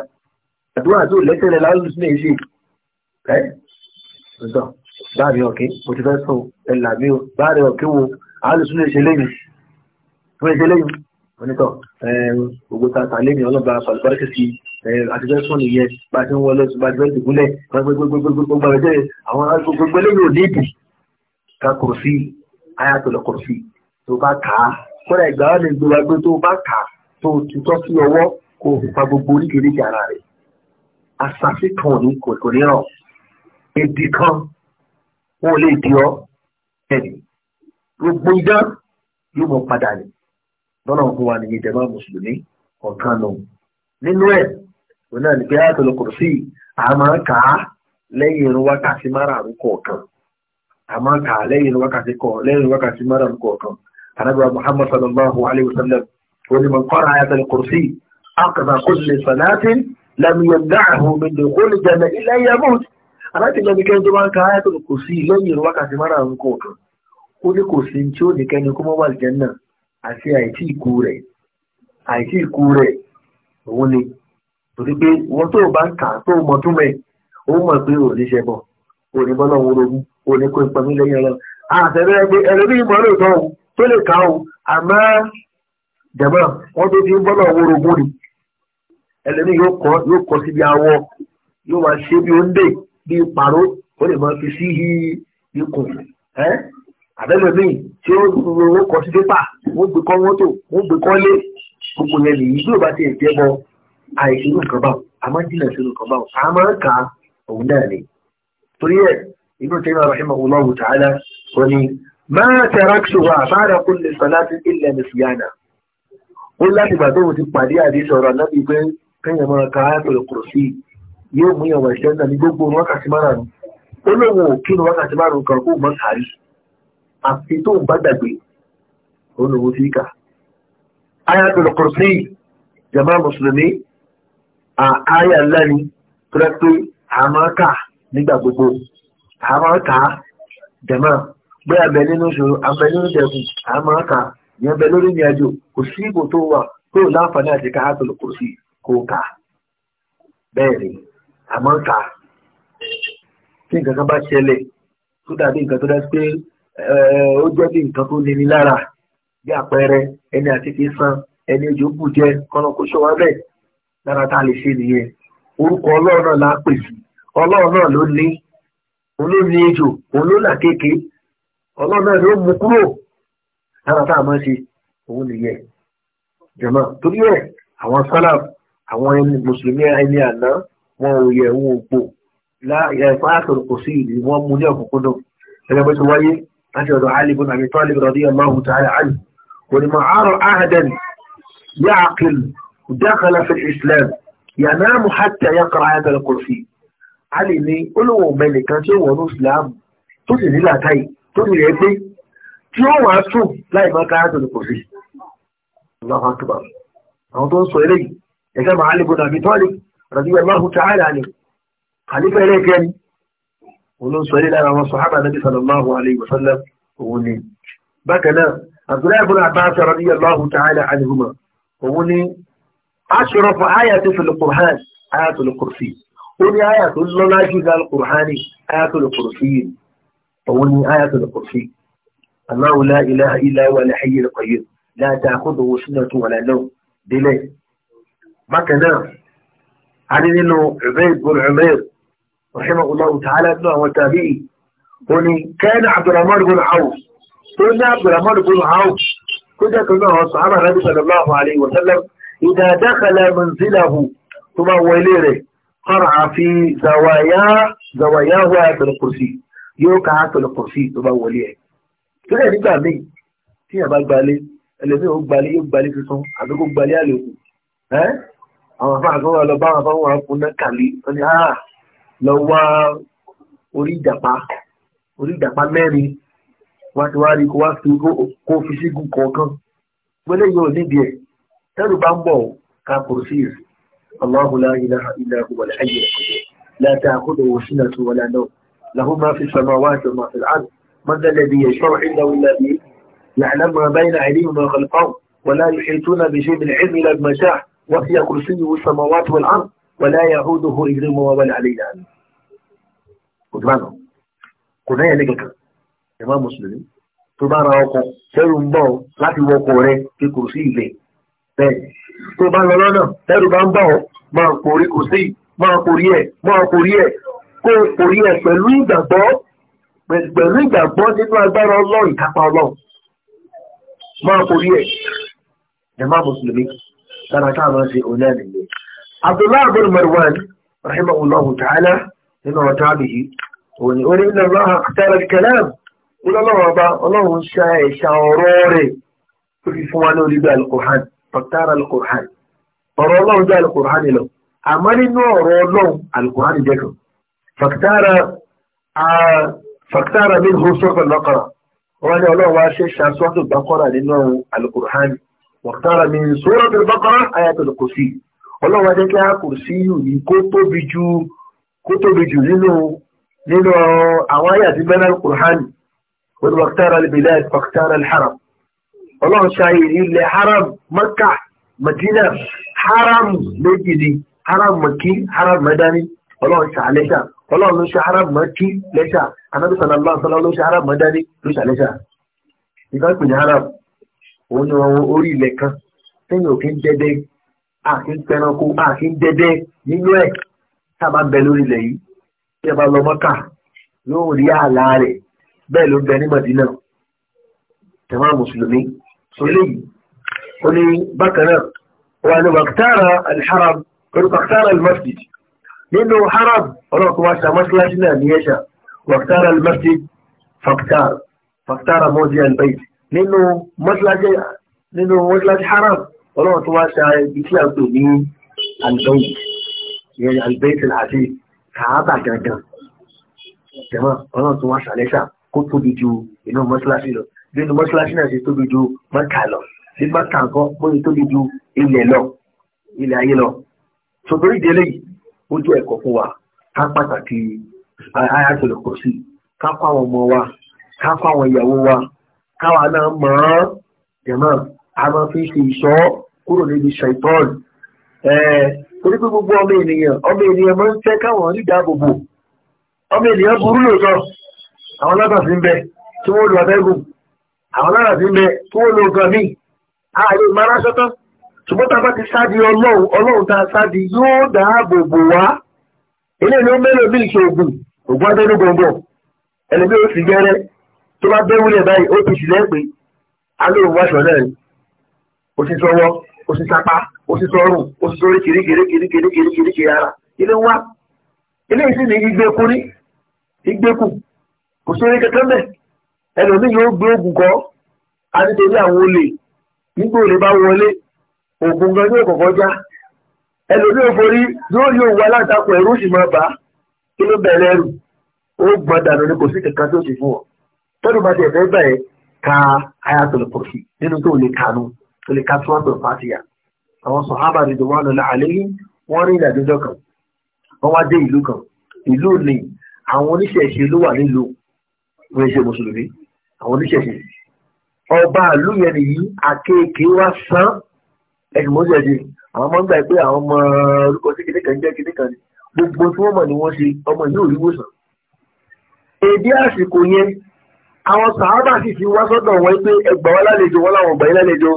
àdúrà tó lẹ́sẹ̀lẹ̀ lálùsùnmọ́ èyí ṣe ẹ́ ǹtọ́ báàrí ọ̀kẹ́ mo ti fẹ́ sùn ẹ̀là mi o báàrí ọ̀kẹ́ wo alùsùnmọ́ èyí ṣe lẹ́yìn fún ẹ̀ṣẹ̀ lẹ́yìn onítọ̀ gbogbo ta ta lẹ́yìn ọlọ́ba pàlùbáríkì sí àtijọ́ sọ nìyẹn bá ti ń wọlé bá ti fẹ́ dùgúnlẹ̀ gbogbo àbẹ̀tẹ̀ àwọn gbogbo eléyìí ò níbi ká kùrùsí ayatollah kùrùsí tó bá kà á kọ́dà ìgbà wà ní gbogbo agbé tó bá kà á tó tutọ́ sí ọwọ́ kó o fa gbogbo oríkèéríkè ara rẹ̀ àṣàṣì kan ní kò ní ràn èdè kan wọn ò lè di ọ ẹni gbogbo idán yóò mọ padà ní lọ́nà fún wa nìyí ìjẹba mùsùlùmí ọ̀kan nù nínú ẹ̀ òun náà ní pé Ayatul Kursi a máa kà á lẹ́yìn irun wákàtí márààrún kọ̀ọ̀kan a máa kà á lẹ́yìn irun wákàtí kọ̀ lẹ́yìn wákàtí márààrún kọ̀ọ̀kan anábìrà Muhammad sallallahu alayhi wa sallam ó ní man qara Ayatul Kursi aqda kulli salatin lam yamna'hu min dukhulil jannati illa yamut aláìsílẹ̀ ní kẹ́ni tó máa ń ka Ayatul lẹ́yìn irun wákàtí márààrún kọ̀ọ̀kan ó ní kò sí tí ó ní kẹ́ni kó mọ́ wà lìjẹ́ náà àti àìsí ìkú rẹ̀ àìsí ìkú rẹ̀ òun ni torí pé wọ́n tó bá ń kà á tó mọ tún mẹ́ ó mọ̀ pé ò ní ṣẹbọ ò ní bọ́lá òun rogún ò ní kó ipa mi lẹ́yìn ọlọ́run àtẹ̀rẹ́ ẹgbẹ́ ẹlẹ́bí ìmọ̀ lóòótọ́ òun tó lè kà òun àmọ́ jẹ̀mọ́ wọ́n tó fi ń bọ́lá òun rogún ni ẹlẹ́bí yóò kọ́ yóò kọ́ síbi awọ yóò máa ṣe bí oúnjẹ bí pàró ó lè máa fi sí ikùn ẹ́ àbẹ́lẹ́bí tí ó kọ́ sí pépà wọ́n gbé kọ́ mọ́tò wọ́n gbé kọ́ lé gbogbo yẹn nìyí bí ò bá ti ẹ̀ jẹ́ bọ́ àìṣirú nǹkan báwò a máa ń dínà ìṣirú nǹkan báwò a máa ń ka òun náà ni torí ẹ inú tẹ́lẹ̀ rahimah Allahu ta'ala wọ́n ni máa tẹ̀ráṣù wa àfáàrà kún lè sọ láti ilẹ̀ nìfìyànà ó láti gbà tóun ti pàdé àdéṣọ ọ̀rọ̀ náà wípé kéèyàn máa ka ápẹ̀lú kùrọ̀sì yóò mú ìyàwó ìṣẹ́ náà ní gbogbo wákàtí márùn ó lóun ò kí ni wákàtí márùn kan kó mọ́ sàárì àfi tóun bá gbàgbé ó lóun ti kà áyàtọ̀lù kùrọ̀sì jàmá mùsùlùmí àáyà ńlá ni tó rẹ pé àmọ́ká nígbà gbogbo àmọ́ká dẹ̀mọ́ gbé abẹ nínú ìṣòro abẹ nínú ìdẹ̀kùn àmọ́ká ìyẹn bẹ lórí ìrìn àjò kò sí ìbò tó wà tó láǹfààní àti ká àtòlù kò sí kó kà bẹ́ẹ̀ ni àmọ́ká tí nǹkan kan bá ṣẹlẹ̀ tó dàbí nǹkan tó dá sí pé ó jẹ́ bí nǹkan tó níní lára bí àpẹẹrẹ ẹni àti kì san ẹni ojú bù jẹ kọ́nà kó ṣọwọ́ bẹ́ẹ̀ lára tá a lè ṣe nìyẹn orúkọ ọlọ́run náà la pè sí ọlọ́run náà ló ní òun ló ní ejò òun ló là kéèké ọlọ́run náà ló mú kúrò lára tá a máa ṣe òun nìyẹn jọmọ torí ẹ àwọn sálàm àwọn mùsùlùmí ẹni àná wọn ò yẹ wọn ò gbò láìpẹ́ àtọ̀rọ̀ kò sí ìlú wọn mú ní ọ̀kúnkúndùn ẹgbẹ́ bó wáyé láti ọ̀dọ̀ alìbùn àbí tọ́lìbùn rọ̀dí ọlọ́hùn tààrà àlù kò ní mọ̀ àárọ̀ áhàdẹ́n yá دخل في الإسلام ينام حتى يقرأ هذا آية الكرسي علي ني قلو ملكة جو الإسلام تجي لي لا تاي تجي لي ابني جو عسو لا يبقى هذا الكرسي الله أكبر أنا تقول سويري إذا ما علي بن أبي طالب رضي الله تعالى عنه خليفة إليك يعني ونون سويري لأنا من صحابة النبي صلى الله عليه وسلم وقولي بكنا عبد الله بن عباس رضي الله تعالى عنهما وقولي أشرف آية في القرآن آية الكرسي قولي آية لنا ناجز القرآن آية الكرسي قولي آية الكرسي الله لا إله إلا هو الحي القيوم لا تأخذه سنة ولا نوم دليل كان نعم. عن إنه عبيد بن عمير رحمه الله تعالى ابنه وتابعي قولي كان عبد الرحمن بن عوف قولي عبد الرحمن بن عوف كنت كنا صحابة النبي صلى الله عليه وسلم إذا دخل منزله ثم وليره قرع في زواياه زواياه آية الكرسي yóò ka àtọ̀lẹ̀ pọ̀ sí tó bá wọlé ẹ̀. Sílẹ̀ nígbà míì tí yàrá gbalé ẹlẹ́mí ò gbalé yóò gbalé tuntun àbí kó gbalé àlòkù. Àwọn afáà kan wà lọ bá àwọn afáà wọn kún náà kàlí wọ́n ní à lọ wá orí ìjàpá orí ìjàpá mẹ́rin wá ti wá rí kó wá fi kó fi sígun kọ̀ọ̀kan. Gbọ́dọ̀ yóò nídìí ẹ̀ تلو بامبو كاكورسيس الله لا إله إلا هو الحي لا تأخذه سنة ولا نوم له ما في السماوات وما في الأرض من ذا الذي يشفع عنده إلا به يعلم ما بين أيديهم وما خلفهم ولا يحيطون بشيء من العلم إلى بما وفي كرسيه السماوات والأرض ولا يعوده إجرمه ولا عليه لعنه قلنا يا إمام مسلم تبعنا وقو سير بو لا في وقوره في كرسيه bẹ́ẹ̀ tó bá lọ lọ́nà ẹrù bá ń bọ̀ ọ́ máa kórí kò sí máa kórí ẹ̀ máa kórí ẹ̀ kó kórí ẹ̀ pẹ̀lú ìgbàgbọ́ pẹ̀lú ìgbàgbọ́ nínú agbára ọlọ́run ìkápá ọlọ́run máa kórí ẹ̀ ẹ̀ má mùsùlùmí dára ká máa ṣe òun náà nìyẹn. abdullahi bin marwan rahimahullahu ta'ala nínú ọ̀tá àbìyí òun ni ó ní ilẹ̀ ọlọ́run àtàrà kẹlẹ́m ọlọ́run ọba ọlọ́run ṣa ẹ̀ṣà ọ̀rọ̀ rẹ̀ tó fi fún wa ní olùgbé alukuhani ọ̀tára alukur'an ọ̀rọ̀ ọlọ́run jẹ́ alukur'an lọ àmọ́ nínú ọ̀rọ̀ ọlọ́run alukur'an jẹ́ kan fàkítàrà ní ìhúsọ́fẹ̀ lọ́kọ̀rọ̀ wọ́n ní ọlọ́run wá ṣe ṣàṣọ́tò bákọ́rà nínú alukur'an wàkítàrà ní sórọ́tò bákọ́rà ayatul kursi ọlọ́run wájẹ́ kí a kursi yìí kó tóbi jù kó tóbi jù nínú nínú àwọn ayé àti bẹ́ẹ̀ alukur'an wọ́n wàkítàrà al-bilad wàkítàrà al-haram ọlọ́run ṣayé ilẹ̀ haram maka madina haram méjì ni haram maki haram madani ọlọ́run ṣà lẹ́ṣà ọlọ́run ló ṣe haram maki lẹ́ṣà anábì sallallahu alaihi wasallam ló ṣe haram madani ló ṣà lẹ́ṣà ìfẹ́ pè ní haram òun ni wọn orí ilẹ̀ kan sẹ́yìn òkè ń dẹ́dẹ́ àti ń pẹranko àti ń dẹ́dẹ́ nínú ẹ̀ tá a bá ń bẹ lórí ilẹ̀ yìí tí a bá lọ mọ́kà yóò rí àlá rẹ̀ bẹ́ẹ̀ ló bẹ ní madina tẹ̀wọ́n mùsùlùmí صلي، صلي قولي بكنا وأنه اختار الحرم قلت اختار المسجد لأنه حرم ولو تواسع مسلحنا نيشا واختار المسجد فاختار فاختار موضع البيت لأنه مسلح لأنه مسلح حرم ولو تواسع بكلا تبني البيت يعني البيت العزيز كعبة جدا تمام ولو تواسع ليس كتب جو إنه مسلح nínú mọ́ṣáláṣí náà ṣe tóbi ju mọ́ta lọ ní mọ́ta nǹkan ó ṣe tóbi ju ilẹ̀ lọ ilẹ̀ ayé lọ sọ̀tọ́rí ìdílé yìí ó jẹ́ ẹ̀kọ́ fún wa ká pàtàkì ayatollah kò sí ká kọ́ àwọn ọmọ wa ká kọ́ àwọn ìyàwó wa káwa náà mọ̀ ọ́n jẹ̀mọ́ a máa fi ṣe ìṣọ́ kúrò níbi ṣàìtọ́ọ̀n torí pé gbogbo ọmọ ènìyàn ọmọ ènìyàn máa ń fẹ́ káwọn rí dáàbòbò ọmọ ènìyàn burú lòótọ́ àwọn lábàfin bẹ tí wọ́n lu abẹ́gùn àwọn lára ti mẹ kí wọ́n lo nǹkan míì ààrẹ ìmọ̀ràn sọ́tọ́ ṣùgbọ́n tá a bá ti sáàdì ọlọ́run ọlọ́run tá a sáàdì yóò dáàbò bò wá ilé ìlú mélòó bí ìṣe ògùn ògùn abẹ́nú gbọ̀ngbọ̀ ẹlẹ́bí ó sì gẹ́rẹ́ tó bá bẹ́ wúlẹ̀ báyìí ó ti ṣìlẹ̀ pé alóòwò aṣọ náà rí ó sì sọwọ́ ó sì sapá ó sì sọrùn ó sì sọrí kiri kiri kiri kiri kiri kiri kiri ara ilé wá ilé ìsìn ní igbe kúrí igbe kù kò sórí kẹkẹ ẹlòmíì yóò gbé oògùn kọ́ a nítorí àwọn olè nígbà olè bá wọlé oògùn gan yóò kọ̀kọ́ já ẹlòmíì òforí yóò yóò wá látàkùn ẹ̀rú sì máa bà á kí ló bẹ̀rẹ̀ ẹrù ó gbọ́n dànù ni kò sí kankan tó ṣe fún ọ tọ́jú bá ti ẹ̀fẹ́ bẹ̀rẹ̀ ka ayatul kursi nínú tó lè kanu tó lè ka suratul fatiha àwọn sọ̀hábà ni tó wà lọ́la àlẹ́yìn wọ́n rí ìdàdújọ́ kan wọ́n wá dé ìlú kan ìlú ni àwọn oníṣẹ̀ṣe ló wà nílùú wọ́n ṣe mùsùlùmí àwọn oníṣẹ̀ṣe ọba àlú yẹn nìyí akéèké wá sán ẹnìmọ́sẹ̀ṣe àwọn ọmọ ń pé àwọn ọmọ orúkọ sí kìnìkà ń jẹ́ kìnìkà ni gbogbo tí wọ́n mọ̀ ni wọ́n ṣe ọmọ yìí ò rí wòsàn. èdè àsìkò yẹn àwọn sàábà sì ti wá sọ́dọ̀ wọn pé ẹgbà wá lálejò wọn láwọn ọgbà yín lálejò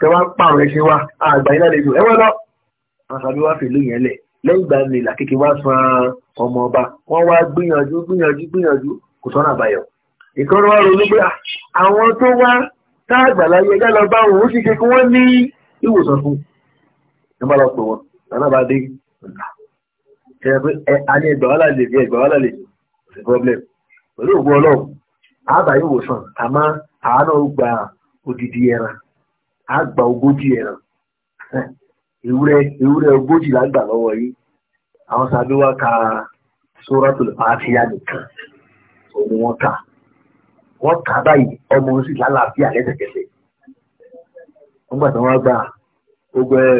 kẹ wá pààrọ̀ ẹṣin wa àgbà yín lálejò ẹwọ́n lọ. àṣàbí wá fèlú yẹn lẹ̀ lẹ́yìn ìgbà nìlà kékeré wá san ọmọ ọba wọ́n wá gbìyànjú gbìyànjú gbìyànjú kò sọ́nà àbáyọ ìkan wá ronú pé ah, àwọn tó wá táàgbàláyé ẹjá lọ bá òun sì ṣe kí wọ́n ní ìwòsàn fún ẹ má lọ pè wọn lọ́nà bá dé ọ̀nà ṣe pé ẹ a ní ẹgbàá wàhálà lè fi ẹgbàá wàhálà lè ṣe problem pẹ̀lú òògùn ọlọ́run àbá ìwòsàn àmọ́ àánú gba odidi ẹran á gba ogójì ẹran ewúrẹ́ ewúrẹ́ ogójì la gbà lọ́wọ́ yìí àwọn sábẹ́ wá ka sóràtò lè fà á fi yá nìkan òun wọn kà á wọ́n kà báyìí ọmọ sì lálàáfíà lẹ́sẹ̀kẹsẹ̀ nígbà tí wọ́n gbà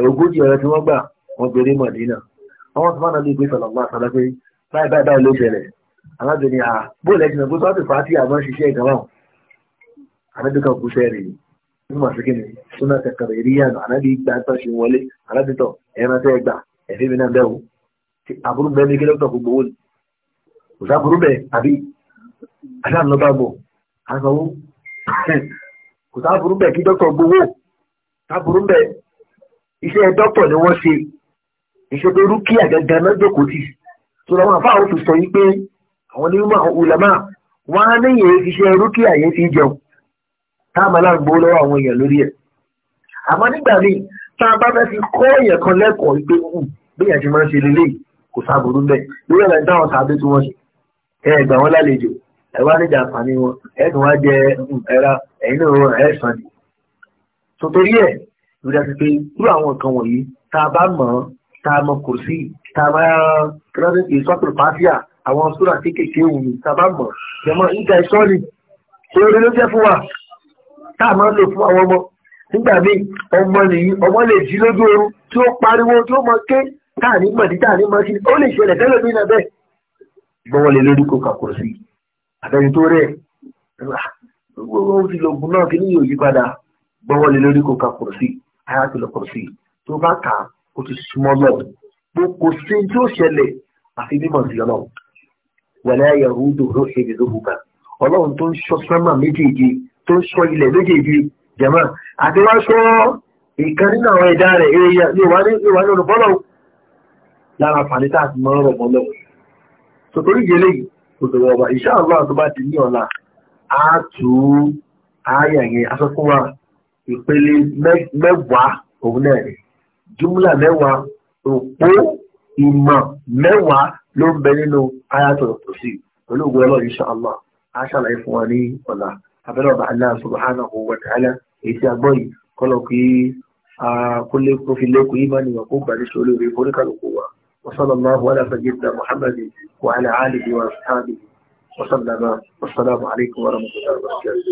ogójì ọ̀rẹ́ tí wọ́n gbà wọ́n gbèrè mọ̀dínà àwọn tó bá náà lè gbé sọ̀rọ̀ máa sọ̀rọ̀ pé báyìí báyìí báyìí ló bẹ̀rẹ̀ alábìnrin à bó lẹ́yìn náà bó tó ti fàá sí àmọ́ ṣiṣẹ́ ìgbàmọ́ àdájọ́kà kú sẹ́ẹ̀rì nígbà sí kí ni súnà kẹkẹrẹ rí yànà àdájọ́ ìgbà tó ṣe wọlé alábìtọ̀ ẹran tẹ́ gbà ẹ̀fí mi náà bẹ̀wò àbúrú bẹ́ẹ̀ ní kí dókítà gbogbo wò àsanwó kò sáàbùrú bẹ̀ kí dókítà gbowó sáàbùrú bẹ̀ iṣẹ́ dókítà ni wọ́n ṣe iṣẹ́ tó rúkìá gangan náà jókòó tó lọ́wọ́ àfáà ó fi sọ yí pé àwọn onímọ̀ ulama wọ́n á ní yẹn iṣẹ́ rúkìá yẹn fi jẹun táàmù aláǹgbó lọ́wọ́ àwọn èèyàn lórí ẹ̀ àmọ́ nígbà míì tá a bá fẹ́ fi kọ́ èèyàn kan lẹ́kọ̀ọ́ pé bẹ́ẹ̀ àti máa ń ṣe lélẹ́yìí kò sáàbùrú bẹ́ẹ̀ lórí ẹ̀ ẹwà níjà àǹfààní wọn ẹ̀dùn wá jẹ ẹ̀ra ẹ̀yìn náà wọn ni. sotori ẹ̀ ló dá sí pé irú àwọn nǹkan wọ̀nyí tá a bá mọ̀ tá a mọ̀ kò sí tá a bá kíláàsì ìsọ́pẹ̀lú pàṣíà àwọn sóra kéékèèké wù mí tá a bá mọ̀ jẹmọ́ ìgbà ìsọ́ ni oore ló jẹ́ fún wa tá a máa ń lò fún àwọn ọmọ nígbà míì ọmọ nìyí ọmọ lè jí lójú oorun tí ó pariwo tí ó mọ ké táà ní mọ̀dí táà ní mọ̀ sí ó lè ṣẹlẹ̀ tẹ́lẹ̀ mí náà bẹ́ẹ̀ gbọ́wọ́ lè lórí kó kàkùrọ̀ sí i àtẹni tó rẹ̀ ó fi lògùn náà kí ní yóò yí padà gbọ́wọ́ lé lórí kò ka kùrọ̀ sí ayá ti lọ kùrọ̀ sí tó bá kà ó ti súnmọ́ lọ bó kò sí tí ó ṣẹlẹ̀ àfi mímọ̀ sí ọlọ́run wàlẹ́ ayẹ̀wò dòró èdè ló bùkà ọlọ́run tó ń sọ sánmà méjèèjì tó ń sọ ilẹ̀ méjèèjì jẹ̀mọ́ àti wá sọ ìkan nínú àwọn ẹ̀dá rẹ̀ èèyàn ní ìwà ní olùbọ́lọ́run tó ọba wa ìṣá àlọ́ tó bá ti ní ọ̀la wa ìpele mẹ́wàá òun náà ni júmúlà mẹ́wàá òpó ìmọ̀ mẹ́wàá ló ń bẹ nínú ayatollah tosi olóògbé ọlọ́run ìṣá àlọ́ á ṣàlàyé fún wa ní ọ̀la abẹ́rẹ́ ọba Allah a yìí kọ́lọ̀ kí kó fi yìí bá nìyàn kó وصلى الله على سيدنا محمد وعلى آله وأصحابه وسلم والسلام عليكم ورحمة الله وبركاته